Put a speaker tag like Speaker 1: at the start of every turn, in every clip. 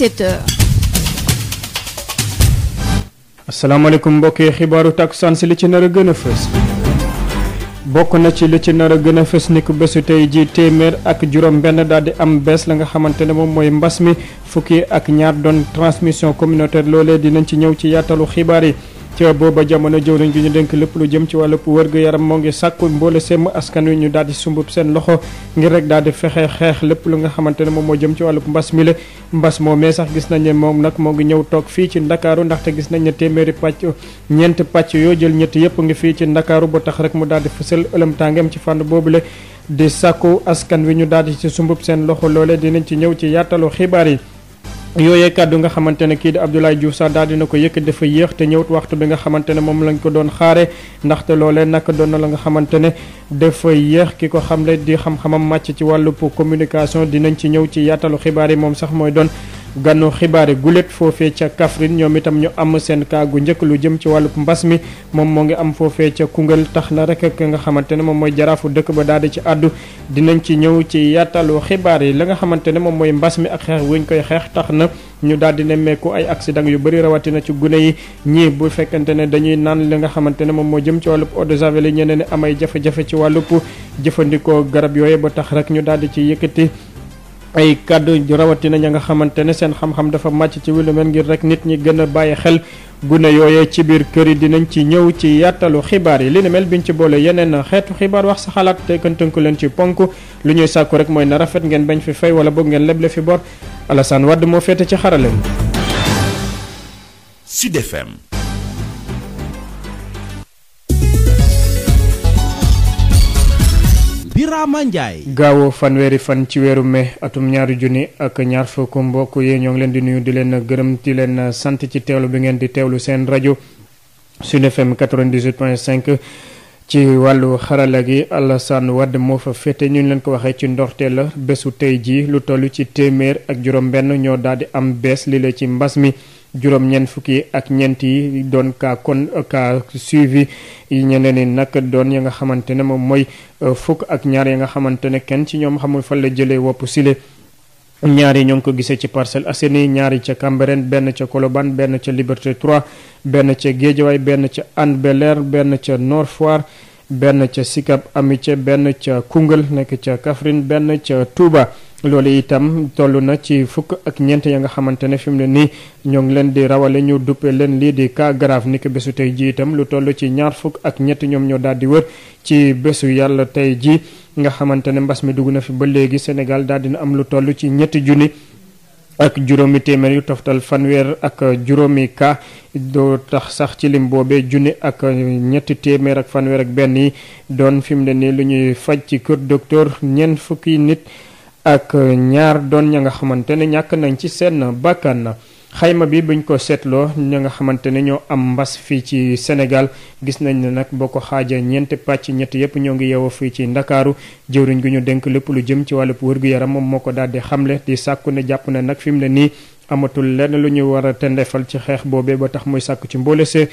Speaker 1: 17h.
Speaker 2: asalaamaaleykum mbokk yi xibaaru takkusaan si li ci nar a gën a fës. bokk na ci li ci nar a gën a fës ni ku bésu tey ji téeméer ak juróom-benn daal di am bees la nga xamante ne moom mooy mbas mi fukki ak ñaar doon transmission communautaire loolee dinañ ci ñëw ci yaatalu xibaar yi. ca booba jamono jëwriñ gi ñu dénk lépp lu jëm ci wàllub wërgu yaram moo ngi sàkku mboole semm askan wi ñu daal di sumbub seen loxo ngir rek daal di fexe xeex lépp lu nga xamante ne moom moo jëm ci wàllub mbas mi la mbas moo mee sax gis nañ ne moom nag moo ngi ñëw toog fii ci ndakaaru ndaxte gis nañ ne téeméeri pàcc ñeent pàcc yoo jël ñett yëpp ngi fii ci ndakaaru ba tax rek mu daal di fësal ëlëm tàngeem ci fànn boobu la di sàkku askan wi ñu daal di ci sumbub seen loxo loole dinañ ci ñëw ci yaatalu xibaar yi yooyee kàddu nga xamante ne kii di Abdoulaye Diouf Sarr daal dina ko yëkkat dafa yéex te ñëwut waxtu bi nga xamante ne moom lañ ko doon xaare ndaxte loolee nag doon na la nga xamante ne dafa yéex ki ko xam xamle di xam-xamam màcc ci wàllu communication dinañ ci ñëw ci yaatalu xibaar yi moom sax mooy doon ganu xibaari gulet foofee ca Kaffrine ñoom itam ñu am seen kaa njëkk lu jëm ci wàllu mbas mi moom moo ngi am foofee ca Koungheul tax na rek ak nga xamante ne moom mooy jaraafu dëkk ba daal di ci àddu dinañ ci ñëw ci yaatalu xibaar yi la nga xamante ne moom mooy mbas mi ak xeex wuñ koy xeex tax na ñu daal di nemmeeku ay accident yu bari rawatina ci gune yi ñii bu fekkante ne dañuy naan li nga xamante ne moom moo jëm ci wàllu eau de javel yi ñeneen am ay jafe-jafe ci pour jëfandikoo garab yooyu ba tax rek ñu daal di ci yëkkati ay kàddu rawatina ña nga xamante ne seen xam-xam dafa màcc ci wilu mel ngir rek nit ñi gën a bàyyi xel gune yooyee ci biir kër yi dinañ ci ñëw ci yàttalu xibaar yi li ne mel biñ ci boole yeneen xeetu xibaar wax sa xalaat te kan tënku leen ci ponk lu ñuy sàkku rek mooy na rafet ngeen bañ fi fay wala bëgg ngeen leble fi bor Alassane Wade moo féete ci xarale Sud Birama Ndiaye. gaawu fanweeri fan ci weeru mai atum ñaari junni ak ñaar fukk mbokk yee ñoo ngi leen di nuyu di leen gërëm di leen sant ci teewlu bi ngeen di teewlu seen rajo Sud FM 98.5. ci wàllu xarala gi Alassane Wade moo fa féete ñu leen ko waxee ci ndoxte la bésu tey jii lu tollu ci téeméer ak juróom-benn ñoo daal di am bees li la ci mbas mi. juróom-ñeent fukki ak ñeent yi doon ka kon ka suivi ñeneen ñi nag doon ya nga xamante ne moom mooy euh, fukk ak ñaar ya nga xamante ne kenn ci ñoom xamul fan la jëlee wopp sile ñaar yi ñoo ngi ko gisee ci Parcelles Assainies ñaari ca Cambérène benn ca Colobane benn ca Liberté 3 benn ca Guédiawaye benn ca Hann Bel-Air benn ca Nord Foire benn ca Sicap Amitié benn ca Koungheul nekk ca Kaffrine benn ca Touba loolu itam toll na ci fukk ak ñeent ya nga xamante ne fi mu ne nii ñoo ngi leen di rawale ñu duppe leen lii di cas grave ni bésu tey ji itam lu toll ci ñaar fukk ak ñett ñoom ñoo daal di wër ci bésu yàlla tey ji nga xamante ne mbas mi dugg na fi ba léegi Sénégal daal dina am lu toll ci ñetti junni ak juróomi téeméer yu toftal fanweer ak juróomi cas doo tax sax ci lim boobee junni ak ñetti téeméer ak fanweer ak benn yi doon fi mu ne nii lu ñuy faj ci kër nit ak ñaar doon ña nga xamante ne ñàkk nañ ci seen bàkkan na xayma bi buñ ko seetloo ña nga xamante ne ñoo am mbas fii ci Sénégal gis nañ ne nag boo ko xaajee ñeenti pàcc ñett yépp ñoo ngi yeewoo fii ci ndakaaru jëwriñ gi ñu denk lépp lu jëm ci wàll wér-gu-yaram moom moo ko daal di xamle di sàkku ne jàpp ne nag fi mu ne nii amatul lenn lu ñu war a tendefal ci xeex boobee ba tax muy sàkku ci mboole mboolese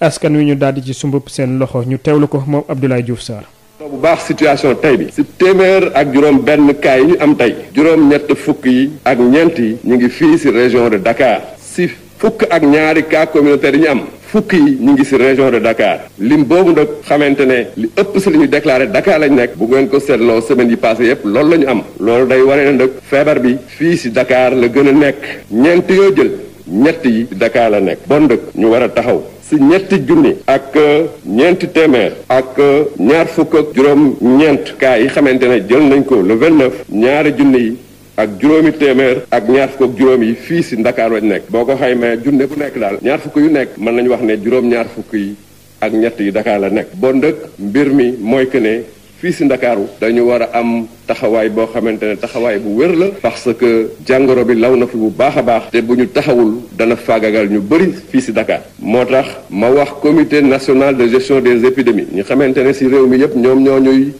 Speaker 2: askan wi ñu daal di ci sumbub seen loxo ñu teewlu ko moom Abdoulaye Diouf Sarr
Speaker 1: bu baax situation tey bi si téeméer ak juróom benn cas yi ñu am tey juróom ñett fukk yi ak ñeent yi ñu ngi fii si région de Dakar si fukk ak ñaari cas communautaire yi ñu am fukk yi ñu ngi si région de Dakar lim boobu nag xamante ne li ëpp si li ñu déclaré Dakar lañ nekk bu ngeen ko seetloo semaine yi passé yëpp loolu la am lool day wane ne nag feebar bi fii si Dakar la gën a nekk ñeent yoo jël ñett yi Dakar la nekk bon ñu war a taxaw si ñetti junni ak euh, ñeenti téeméer ak euh, ñaar fukk ak juróom ñeent kaa yi xamante ne jël nañ ko le 29 ñaari junni yi ak juróomi téeméer ak ñaar fukk ak juróom yi fii si Ndakaaru lañ nekk boo ko xaymee junne bu nekk daal ñaar fukk yu nekk mën nañu wax ne juróom ñaar fukk yi ak ñett yi Dakar la nekk bon ndëkk mbir mi mooy que ne fii si ndakaaru dañu war a am taxawaay boo xamante ne taxawaay bu wér la parce que jàngoro bi law na fi bu baax a baax te bu ñu taxawul dana faagagal ñu bëri fii si Dakar moo tax ma wax comité national de gestion des épidémies ñu xamante ne si réew mi yépp ñoom ñoo ñuy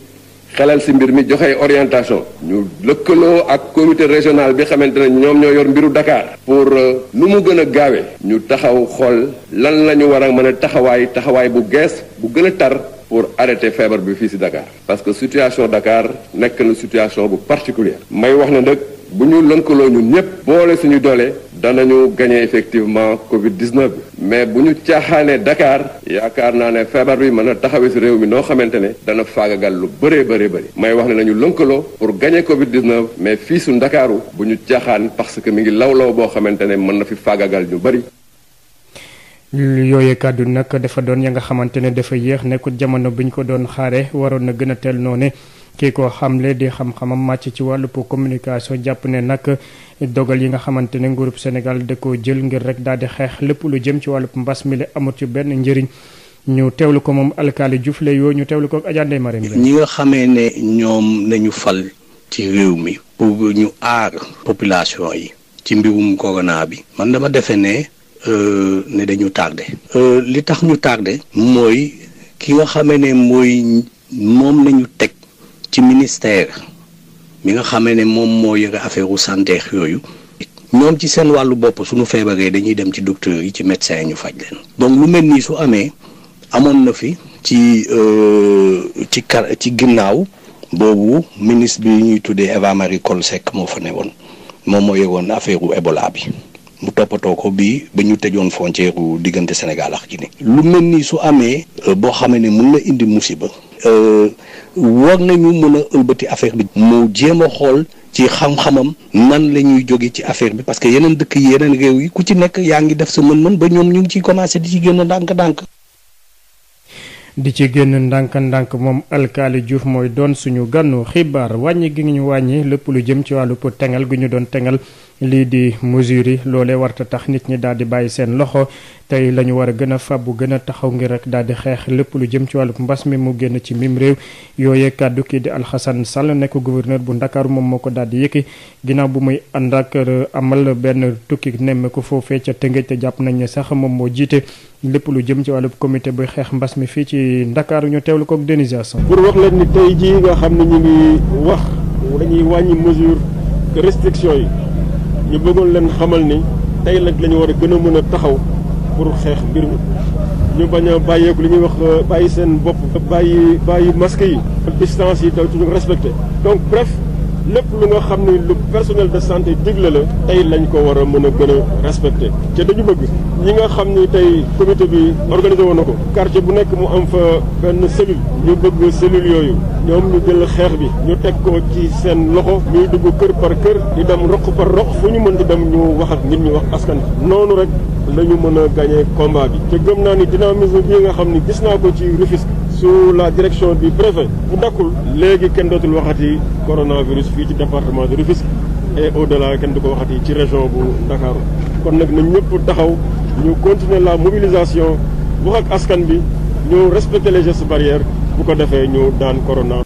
Speaker 1: xelal si mbir mi joxe orientation ñu lëkkaloo ak comité régional bi xamante ne ñoom ñoo yor mbiru Dakar pour euh, nu mu gën a gaawee ñu taxaw xool lan lañu ñu war a mën a taxawaay taxawaay bu gees bu gën a tar pour arrêter feebar bi fii si Dakar parce que situation Dakar nekk na situation bu particulière may wax na nag bu ñu lënkaloo ñun ñëpp boole suñu doole danañu gagné effectivement Covid 19 bi mais bu ñu caaxaanee Dakar yaakaar naa ne feebar bi mën a taxawee si réew mi noo xamante ne dana faagagal lu bëree bëree bëri may wax ne nañu lënkaloo pour gañee Covid 19 mais fii su Ndakaaru bu ñu caaxaan parce que mi ngi law law boo xamante ne mën na fi faagagal ñu bëri.
Speaker 2: yooye kàddu nag dafa doon ya nga xamante ne dafa yéex nekkul jamono bi ñu ko doon xaare waroon na gën a teel noonu kii ko xamle di xam-xamam màcc ci wàllu communication jàpp ne nag dogal yi nga xamante ne nguurub Sénégal da koo jël ngir rek daal di xeex lépp lu jëm ci wàllu mbas mi la amut ci benn njëriñ ñu teewlu ko moom alkaali Diouf la yoo ñu teewlu ko ak mare Ndeye Marème ñi nga
Speaker 3: xamee ne ñoom nañu fal ci réew mi pour ñu aar population yi ci mbirum corona bi man dama defe ne Euh, ne dañu tardé. Euh, li tax ñu tardé. mooy ki nga xamee ne mooy moom nañu teg ci ministère mi nga xamee ne moom moo yore affaire u santé yooyu. ñoom ci seen wàllu bopp suñu feebaree dañuy dem ci docteurs yi ci médecins yi ñu faj leen. donc lu mel nii su amee amoon na fi ci euh, ci kar ci ginnaaw boobu ministre bi ñuy tuddee Eva Marie Coll moo fa ne woon moom moo yegoon affaire u Ebola bi. mu toppatoo ko bi ba ñu tëjoon frontière diggante Sénégal ak Guinée lu mel nii su amee euh, boo xamee ne mun na indi musiba euh, war nañu mën a ëlbati affaire bi mu jéem a xool ci xam-xamam nan la ñuy jóge ci affaire bi parce que yeneen dëkk yi yeneen réew yi ku ci nekk yaa ngi def sa mën-mën ba ñoom ñu ngi ciy commencé di ci génn ndànk-ndànk
Speaker 2: di ci génn ndànk-ndànk moom alkaali Diouf mooy doon suñu gànnu xibaar wàññi gi ñu wàññi lépp lu jëm ci wàllu tengal gi ñu doon tengal lii di mesures yi loolee warta tax nit ñi daal di bàyyi seen loxo tey la ñu war a gën a fàbbu gën a taxaw ngi rek daal di xeex lépp lu jëm ci wàllub mbas mi mu génn ci mim réew yooyee kàddu kii di Alxasan Sall nekk gouverneur bu Ndakaaru moom moo ko daal di yëkki ginnaaw bu muy ànd ak euh, amal benn tukki nemmeeku foofee ca Tëngéej te jàpp nañ ne sax moom moo jiite lépp lu jëm ci wàllub comité buy xeex mbas mi fii ci Ndakaaru ñu teewlu ko ak dénisation pour
Speaker 4: wax leen ñu bëggoon leen xamal ni tey nag la ñu war a gën a mën a taxaw pour xeex mbir mi ñu bañ a bàyyeeku li ñuy wax euh, bàyyi seen bopp. bàyyi bàyyi masque yi. distance yi daw ci ñu respecté donc bref. lépp lu nga xam ni lu personnel de santé digle la tey lañ ko war a mën a gën a respecté te dañu bëgg ñi nga xam ni tey comité bi organisé woon na ko quartier bu nekk mu am fa benn cellule ñu bëgg cellule yooyu ñoom ñu jël xeex bi ñu teg ko ci seen loxo ñuy dugg kër par kër di dem roq par roq fu ñu mën di dem ñu wax ak nit ñi wax askan noonu rek la ñu mën a gagné combat bi te gëm naa ni dynamisme yi nga xam ni gis naa ko ci Rufisque sous la direction du préfet bu dakkul léegi kenn dootul waxati coronavirus fii ci département de Rufisque et au delà kenn du ko waxati ci région bu Dakar kon nag nañ ñëpp taxaw ñu continuer la mobilisation wax ak askan bi ñu respecter les gestes barrières bu ko defee ñu daan corona.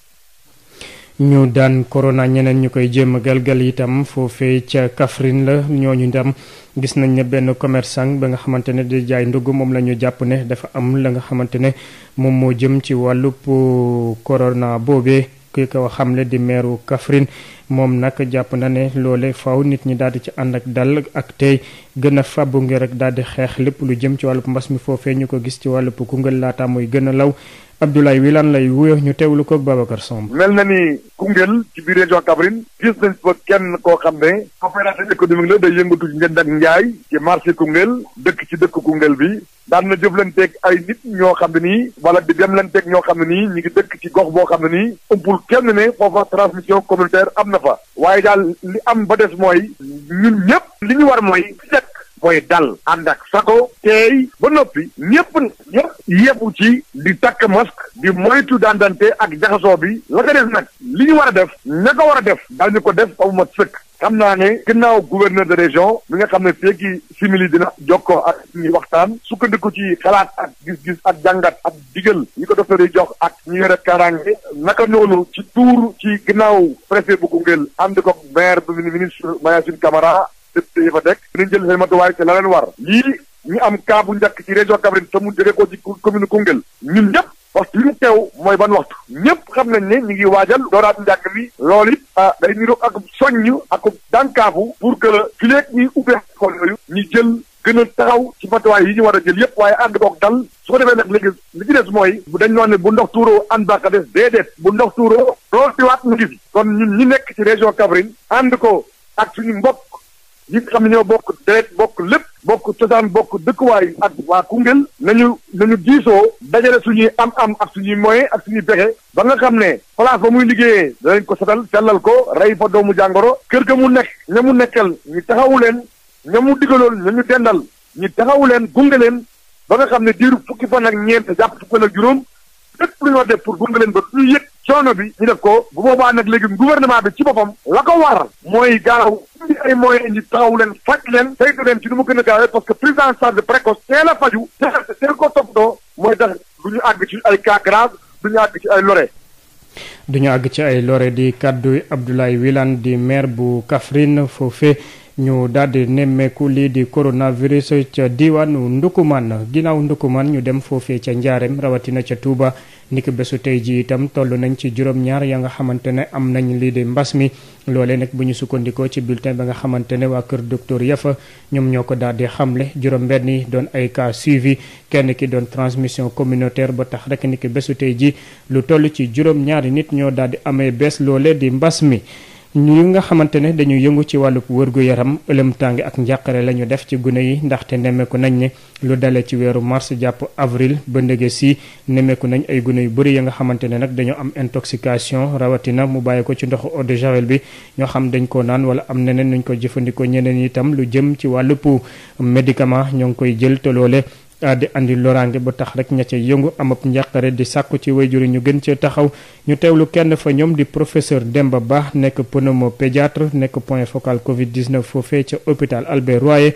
Speaker 2: ñu daan corona ñeneen ñu koy jéem a galgal itam foofe ca Kaffrine la ñooñu ndam gis nañ ne benn commerçant ba nga xamante ne di jaay ndugg moom la ñu jàpp ne dafa am la nga xamante ne moom moo jëm ci wàllub uh, corona boobee ki ko xamle di meeru Kaffrine moom nag jàpp na ne loole faw nit ñi daal di ci ànd ak dal ak tey gën a fàbbu ngir rek daal di xeex lépp lu jëm ci wàllub mbas mi foofee ñu ko gis ci wàllub Koungheul laata muy gën a law Abdoulaye Wilane lay wuyoo ñu teewlu koog Babacar Samb.
Speaker 5: mel na ni Koungheul ci biir région Kaffrine gis nañ fa kenn koo xam ne opérateur économique la day yëngatu ci njënd ak njaay ci marché Koungheul dëkk ci dëkk Koungheul bi daan na jëflanteeg ay nit ñoo xam ne nii wala di demlanteeg ñoo xam ne nii ñu ngi dëkk ci gox boo xam ne nii umpul kenn ne foofa transmission communautaire am na fa waaye daal li am ba des mooy ñun ñëpp li ñu war mooy mooy dal ànd ak sago teey ba noppi ñëpp ñëpp yebu ci di takk masque di moytu dandante ak jaxasoo bi la ko def nag li ñu war a def ña ko war a def daañu ko def ba ma mat sëkk xam naa ne ginnaaw gouverneur de région mi nga xam ne feeki simili dina ko ak ñuy waxtaan sukkandiku ci xalaat ak gis-gis ak jàngat ak digal ñu ko docteur yi jox ak ñi yore karange naka noonu ci tuur ci ginnaaw préfet bu am ànd ko maire bu ministre Mayacine Camara député yi fa nekk dinañ jël seen matuwaay te la leen war lii ñu am cas bu njëkk ci région Kaffrine te mu jóge ko ci commune Koungheul ñun ñëpp waxtu mooy ban waxtu ñëpp xam nañ ne ñu ngi waajal dooraat njàng mi loolu it ah, day niroog ak soññ ak dànkaafu pour que la fileeg ñuy ubbee xool yooyu ñu jël gën a taxaw ci matuwaay yi ñu war a jël yëpp waaye ànd koog dal su ko defee li ci des mooy dañ noo ne bu ndox tuuroo ànd baka des déedéet bu ndox tuuroo rool tiwaat mu ngi fi kon ñun ñi nekk ci région Kaffrine ànd ko ak suñu mbokk yi xam ne ñoo bokk deret bokk lépp bokk cosaan bokk dëkkuwaay ak waa Koungheul nañu nañu diisoo dajale suñuy am am ak ñuy moyen ak suñuy pexe ba nga xam ne place ba muy liggéeyee danañ ko setal sellal ko rey fa doomu jàngoro kër ga mu nekk ña mu nekkal ñu taxawu leen ña mu digaloon dendal ñu taxawu leen gunge ba nga xam ne diiru fukki fan ak ñeent jàpp fukki fan ak juróom lépp lu ñu war def pour gunge leen ba ñu yëg coono bi ñu def ko bu boobaa nag léegi gouvernement bi ci boppam la ko waral mooy gaaw indi ay moyens indi taxaw leen faj leen saytu leen ci nu mu gën gaawee parce que prise en charge précoce teel a faju teel teel ko toppatoo mooy tax du ñu àgg ci ay cas grave du ñu àgg ci ay lore
Speaker 2: àgg ci lore di kàddu Abdoulaye Wilane di maire bu Kaffrine foofee ñu daldi nemmeeku lii di coronavirus ca diwaanu Ndukumaan ginnaaw Ndukumaan ñu dem foofee ca Njaareem rawatina ca Touba niki bésu tey ji itam toll nañ ci juróom-ñaar ya nga xamante ne am nañ lii di mbas mi loolee nag bu ñu sukkandikoo ci bulletin ba nga xamante ne waa kër docteur Yafa ñoom ñoo ko daal di xamle juróom mbenn yi doon ay cas suivi kenn ki doon transmission communautaire ba tax rek niki bésu tey ji lu toll ci juróom-ñaari nit ñoo daal di amee bees loolee di mbas mi ñu nga xamante ne dañuy yëngu ci wàllu gu yaram ëlëm ak njàqare la ñu def ci gune yi ndaxte nemmeeku nañ ne lu dale ci weeru mars jàpp avril ba ndege si nemeeku nañ ay gune yu bëri ya nga xamante ne nag dañoo am intoxication rawatina mu bàyyi ko ci ndoxu eau de javel bi ñoo xam dañ ko naan wala am neneen nuñ ko jëfandikoo ñeneen itam lu jëm ci wàllu médicament ñoo ngi koy jël te di indi loraange ba tax rek ña ca yëngu amab njàqare di sàkku ci way wayjur ñu gën cee taxaw ñu teewlu kenn fa ñoom di professeur dem Ba baax nekk pneumopédiatre nekk point focal Covid 19 foofee ca hôpital Albert Royer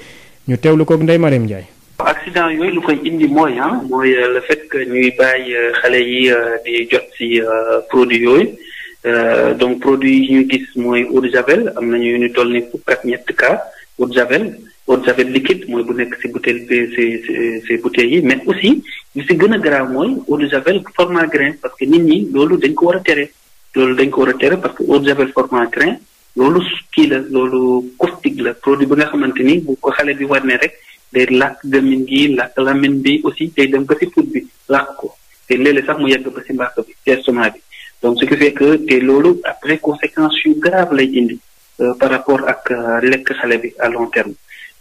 Speaker 2: ñu teewlu ko Ndeye Mariam Ndiaye.
Speaker 6: accident yooyu lu koy indi mooy ah mooy euh, le fait que ñuy bàyyi euh, xale yi euh, di jot ci produit yooyu donc produit yi ñu gis mooy eau de javel am nañu ñu toll ni fukk ñett cas eau de javel. eau de javel liquide mooy bu nekk si bouteille yi mais aussi li si gën a garaaw mooy eau de javel format grain parce que nit ñi loolu dañ ko war a tere loolu dañ ko war a tere parce que eau de javel format grain loolu kii la loolu caustique la produit bi nga xamante ni bu ko xale bi war ne rek day làkk gëmmiñ gi làkk làmmiñ bi aussi day dem ba si put bi làkk ko te léeg-léeg sax mu yegg ba si mbàkk bi ci estomac bi donc ce qui fait que te loolu après conséquences yu grave lay euh, ak euh, lekk xale bi à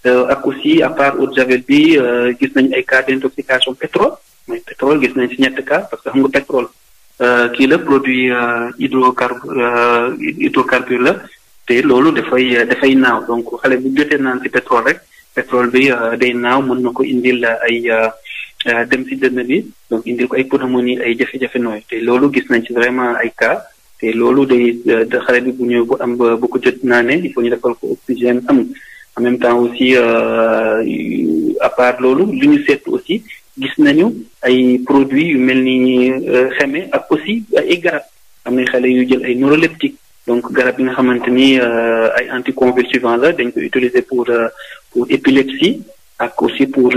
Speaker 6: Euh, ak aussi à part eau de javel bi euh, gis nañ ay cas d' intoxication pétrole mooy pétrole gis nañ ci ñett cas parce que xam nga pétrole euh, kii la produit hydrocarbure hydrocarbure la te loolu dafay dafay naaw donc xale bu jotee naan si pétrole rek pétrole bi day naaw mën na ko indil ay dem de na bi donc indil ko ay pneumonie ay jafe-jafe nooy te loolu gis nañ ci vraiment ay cas te loolu day xale bi bu ñëw bu am bu jot naanee il faut ñu defal ko oxygène am en même temps aussi euh, euh, à part loolu li ñu seetlu aussi gis nañu ay produits yu mel ni euh, xeme ak aussi ay garab am na xale yu jël ay neuroleptique donc garab yi nga xamante ni ay anticonvulsivant la dañ ko utiliser pour pour épilepsie ak aussi pour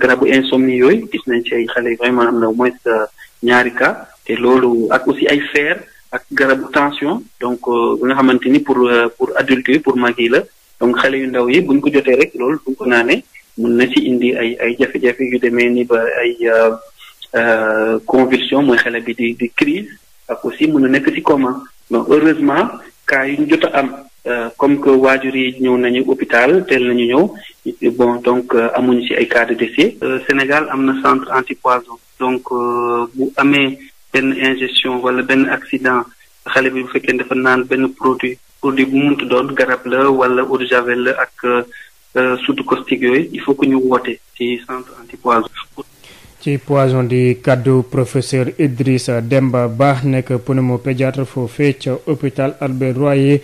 Speaker 6: garabu insomnie yooyu gis nañ ci ay xale vraiment am na au ñaari cas te loolu ak aussi ay fer ak garabu tension donc nga xamante ni pour pour adulte yi pour mag la donc xale yu ndaw yi buñ ko jotee rek loolu buñ ko naanee mun na ci indi ay ay jafe-jafe yu demee ni ba ay euh, euh, convulsion mooy xale bi di di crise ak aussi mun na nekk ci coma donc heureusement cas yu ñu jot a am euh, comme que waajur yi ñëw nañu hôpital teel nañu ñëw bon donc amuñu ci ay cas de décès. Sénégal am na centre antipoison donc bu amee benn ingestion wala benn accident xale bi bu fekkee dafa naan benn produit. produit bu muntu ak euh, soude ci centre antipoison.
Speaker 2: ci poison di kaddu professeur Idrissa dem Ba nekk pneumo-pédiatre foofee ca hôpital Albert Royer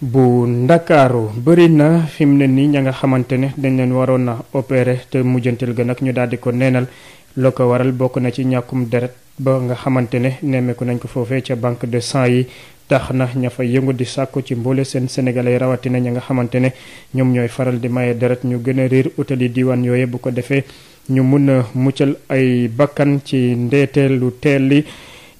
Speaker 2: bu Ndakaaru bëri na fi mu ne nii ña nga xamante ne dañ leen waroon a opéré te mujjantil ga nag ñu daal di ko neenal loo ko waral bokk na ci ñàkkum deret ba nga xamante ne nemmeeku nañ ko foofee ca banque de sang yi tax na ña fa yëngu di sàkku ci mboole seen sénégalais rawatina ña nga xamante ne ñoom ñooy faral di maye deret ñu gën a réer utali diiwaan yooye bu ko defee ñu mun a muccal ay bakkan ci lu teel li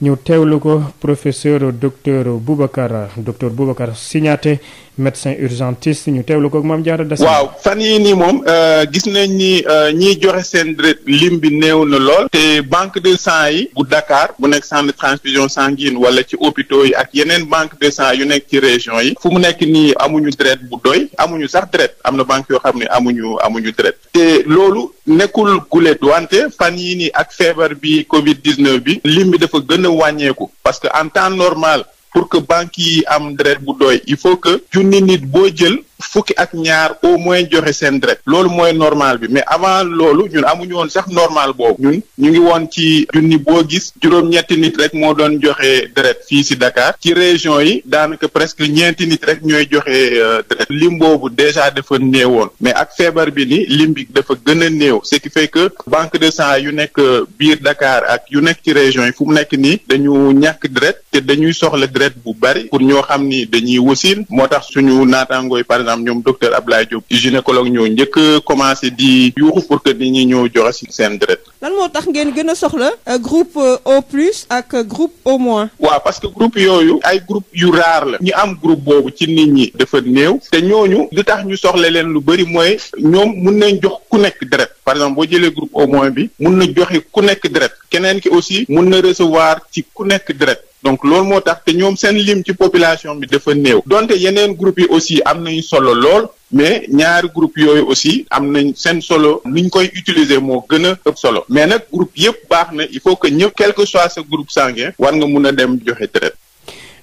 Speaker 2: ñu teewlu ko professeur docteur Boubacar docteur Boubacar Signaté médecin urgentiste ñu teewlu ko ak maam Diarra Dassène. waaw
Speaker 7: fan yii nii moom euh, gis nañ ni euh, ñiy joxe seen deret lim bi néew na lool. te banque de sang yi. bu Dakar bu nekk centre de transfusion sanguine wala ci hôpitaux yi ak yeneen banque de sang yu nekk ci région yi. fu mu nekk nii amuñu deret bu doy. amuñu sax deret am na banque yoo xam ne amuñu amuñu deret. te loolu nekkul gulet wante fan yii nii ak feebar bi Covid 19 bi. lim bi dafa gën wàññeeku. parce que en temps normal. pour que banque yi am deret bu doy il faut que junni nit boo jël fukki ak ñaar au moins joxe seen dret loolu mooy normal bi mais avant loolu ñun amuñu woon sax normal boobu ñun ñu ngi woon ci junni boo gis juróom-ñetti nit rek moo doon joxe dret fii si Dakar ci région yi daanaka presque ñeenti nit rek ñooy joxe euh, dret lim boobu déjà dafa néewoon mais ak feebar bi ni lim bi dafa gën néew ce qui fait que banque de sang yu nekk euh, biir Dakar ak yu nekk ci région yi fu mu nekk nii dañu ñàkk dret te dañuy soxla dret bu bari pour ñoo xam ni dañuy wasin tax suñu naataangooy par exemple ñoom docteur Abdoulaye Diop gynécologue ñoo njëkk commencé di yuuxu pour que nit ñi ñëw joxe si seen deret. lan moo tax ngeen gën a soxla euh, groupe euh, O plus ak euh, groupe O moins. waaw parce que groupe yooyu ay groupe yu raar la ñu am groupe boobu ci nit ñi dafa néew te ñooñu li tax ñu soxla leen lu bëri mooy ñoom mun nañ jox ku nekk deret par exemple boo jëlee groupe O moins bi mun na joxe ku nekk deret keneen ki aussi mun na recevoir ci ku nekk direct donc loolu moo tax te ñoom seen lim ci population bi dafa néew donte yeneen groupe yi aussi am nañu solo lool mais ñaari groupe yooyu aussi am nañ seen solo ni ñu koy utiliser moo gën a ëpp solo mais nag groupe yëpp baax na il faut que ñëpp quel que soit sa groupe sanguin war nga mun a dem joxe deret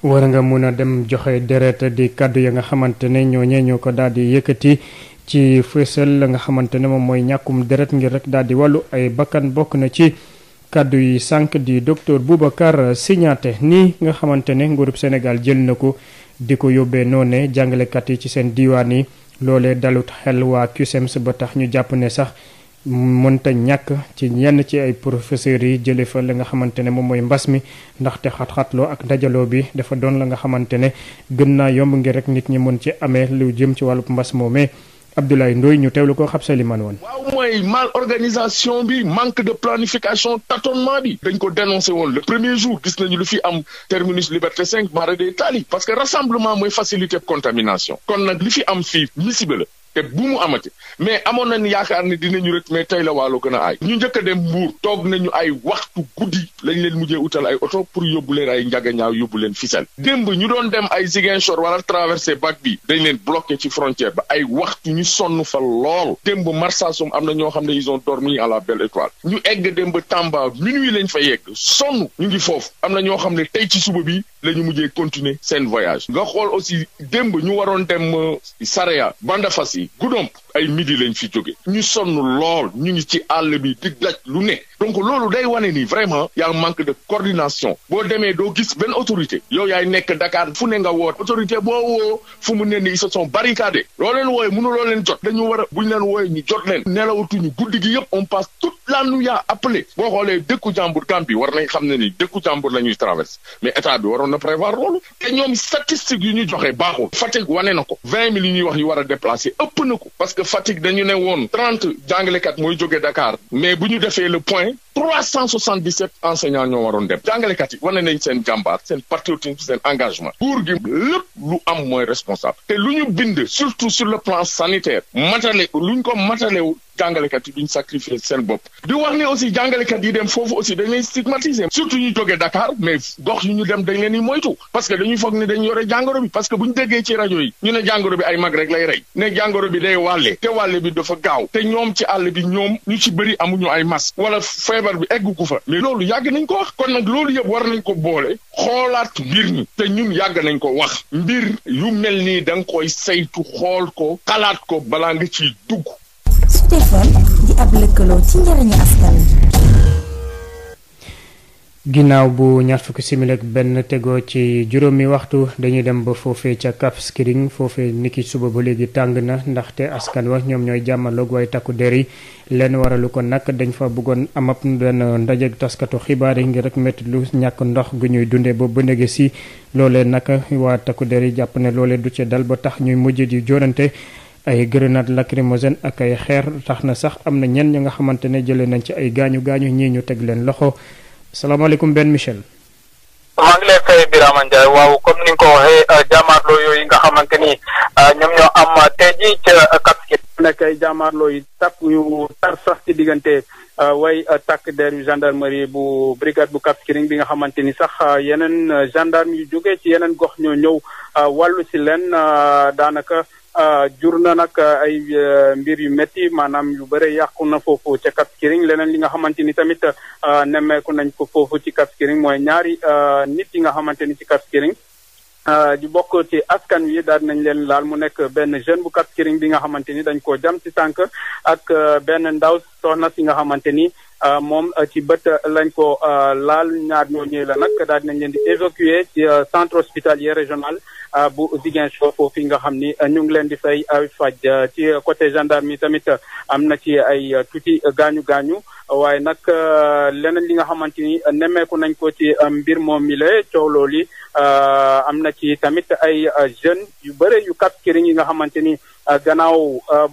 Speaker 2: war nga mun a dem joxe deret di kàddu ya nga xamante ne ñooñee ñoo ko daal di yëkkati ci fësal la nga xamante ne moom mooy ñàkkum deret ngir rek daal di wàllu ay bakkan bokk na ci kàddu yi sànq di docteur Boubacar siñaate nii nga xamante ne nguurub Sénégal jël na ko di ko yóbbee noone jàngalekat yi ci seen diiwaan yi loolee dalut xel waa CUSEMS ba tax ñu jàpp ne sax mënta ñàkk ci ñenn ci ay professeurs yi jëlee fa la nga xamante ne moom mooy mbas mi ndaxte xat-xatloo ak dajaloo bi dafa doon la nga xamante ne gën naa yomb ngir rek nit ñi mën ci amee lu jëm ci wàllu mbas moomee Abdoulaye Ndoye ñu teewlu ko xab sali man woon
Speaker 8: waaw mooy mal organisation bi manque de planification tâtonnement bi dañ ko dénoncé woon le premier jour gis nañu lu fi am terminus liberté 5 mara day taali parce que rassemblement mooy facilité contamination kon nag li fi am fii misibé la te bu mu amati mais amoon nañu yaakaar ne dinañu rek mais tey la waalo ko na aay ñu njëkk a dem mbuur toog nañu ay waxtu guddi lañ leen mujjee utal ay oto pour yóbbu leen ay njagañaaw yóbbu leen Fissel démb ñu doon dem ay Ziguinchor wala traversé bac bi dañ leen bloqué ci frontière ba ay waxtu ñu sonn fa lool démb Marsassoum am na ñoo xam ne ils ont dormi à la Belle Étoile ñu egg démb Tamba minuit lañ fa yegg sonn ñu ngi foofu am na ñoo xam ne tey ci suba bi la ñu mujjee continuer seen voyage nga xool aussi démb ñu waroon dem euh, Saraya Bandafassi Goudomp ay midi lañ fi jóge ñu sonn lool ñu ngi ci àll bi di daj lu ne donc loolu day wane ni vraiment yaa manque de coordination boo demee doo gis benn autorité yow yaay nekk Dakar fu ne nga woot autorité boo woo fu mu ne ni ils se sont barricadés loo leen wooye mënuloo leen jot dañu war a bu leen wooye ñu jot leen nelawatuñu guddi gi yëpp on passe toute la nuit à appeler boo xoolee dëkku jàmbur camp bi war nañ xam ne ni dëkku jàmbur la ñuy traverse mais état bi waroon na prévoir loolu ñoom statistiques yu ñu joxe baaxul Fatick wane na ko vingt mille ñuy wax yu war a ëpp na ko que Fatick dañu ne woon trente jàngalekat mooy jóge Dakar mais bu ñu defee le point trois cent soixante dix sept enseignants ñoo waroon dem jàngalekat yi wane nañ seen jàmbaar seen patriotisme seen engagement buur gi lépp lu am mooy responsable te lu ñu bind surtout sur le plan sanitaire matale ñu ko matalewul jàngalekat yi duñ sacrifier seen bopp di wax ne aussi jàngalekat yi dem foofu aussi dañ leen stigmatiser surtout ñu jógee Dakar mais gox yu ñu dem dañ leen di moytu parce que dañuy foog ne dañ yore jàngoro bi parce que bu ñu déggee ci rajo yi ñu ne jàngoro bi ay mag rek lay rey ne jàngoro bi day wàlle te wàlle bi dafa gaaw te ñoom ci àll bi ñoom ñu ci bëri amuñu ay masque wala feebar bi eggu ko fa mais loolu yàgg nañ ko wax kon nag loolu yëpp war nañ ko boole xoolaat mbir ñi te ñun yàgg nañ ko wax mbir yu mel nii da nga koy saytu xool ko xalaat ko balaa nga ciy
Speaker 3: Stefan
Speaker 2: ginnaaw bu ñaar fukki simili benn tegoo ci juróomi waxtu dañuy dem ba foofee ca Cap Skirring foofee niki suba bu léegi tàng na ndaxte askan wa ñoom ñooy jàmmaloog waaye takku der yi. leen waralu ko nag dañ fa bëggoon amab benn ndajeek taskatu xibaar yi ngir rek lu ñàkk ndox gu ñuy dundee ba bëndëge si loolee nag waa takku der yi jàpp ne loolee du ci dal ba tax ñuy mujj di jonante ay grenade lacrymogène ak ay xeer tax na sax am na ñenn ñi nga xamante ne jëlee nañ ci ay gaañu gaañu ñii ñu teg leen loxo salaamaaleykum benn Michel.
Speaker 5: maa ngi lay fay Birama Ndiaye waaw comme ni ko waxee euh,
Speaker 9: jaamaarloo yooyu nga xamante ni euh, ñoom ñoo am euh, tey jii ca Kapskit nekk ay jaamaarloo yu takk yu tar sax ci diggante way takk der yu gendarmerie bu brigade bu Kapskiring bi nga xamante ni sax yeneen gendarme yu jóge ci yeneen gox ñoo ñëw wàllu ci leen daanaka. Ah, jur na nag ah, ay ah, mbir yu métti maanaam yu bëre yàqu na foofu ca Cap Skirring leneen li nga xamante ni tamit nemeeku nañ ko foofu ci Cap Skirring mooy ñaari nit yi nga xamante ni ci Cap Skirring di bokk ci askan wi daal nañ leen laal mu nekk benn jeune bu Cap Skirring bi nga xamante ni dañ koo jam ci tànk ak benn ndaw soxna si nga xamante ni Euh, moom euh, ci bët euh, lañ ko laal ñaar ñooñu la nag daal dinañ leen di évacuer ci centre hospitalier régional bu Ziguinchor foofu nga xam ni ñu ngi leen di fay faj ci côté gendarme yi tamit am na ci ay tuuti gaañu gaañu waaye nag leneen li nga xamante ni nemmeeku nañ ko ci mbir moom mi la coow lool am na ci tamit ay jeunes yu bëre yu Cap Skirring yi nga xamante ni gannaaw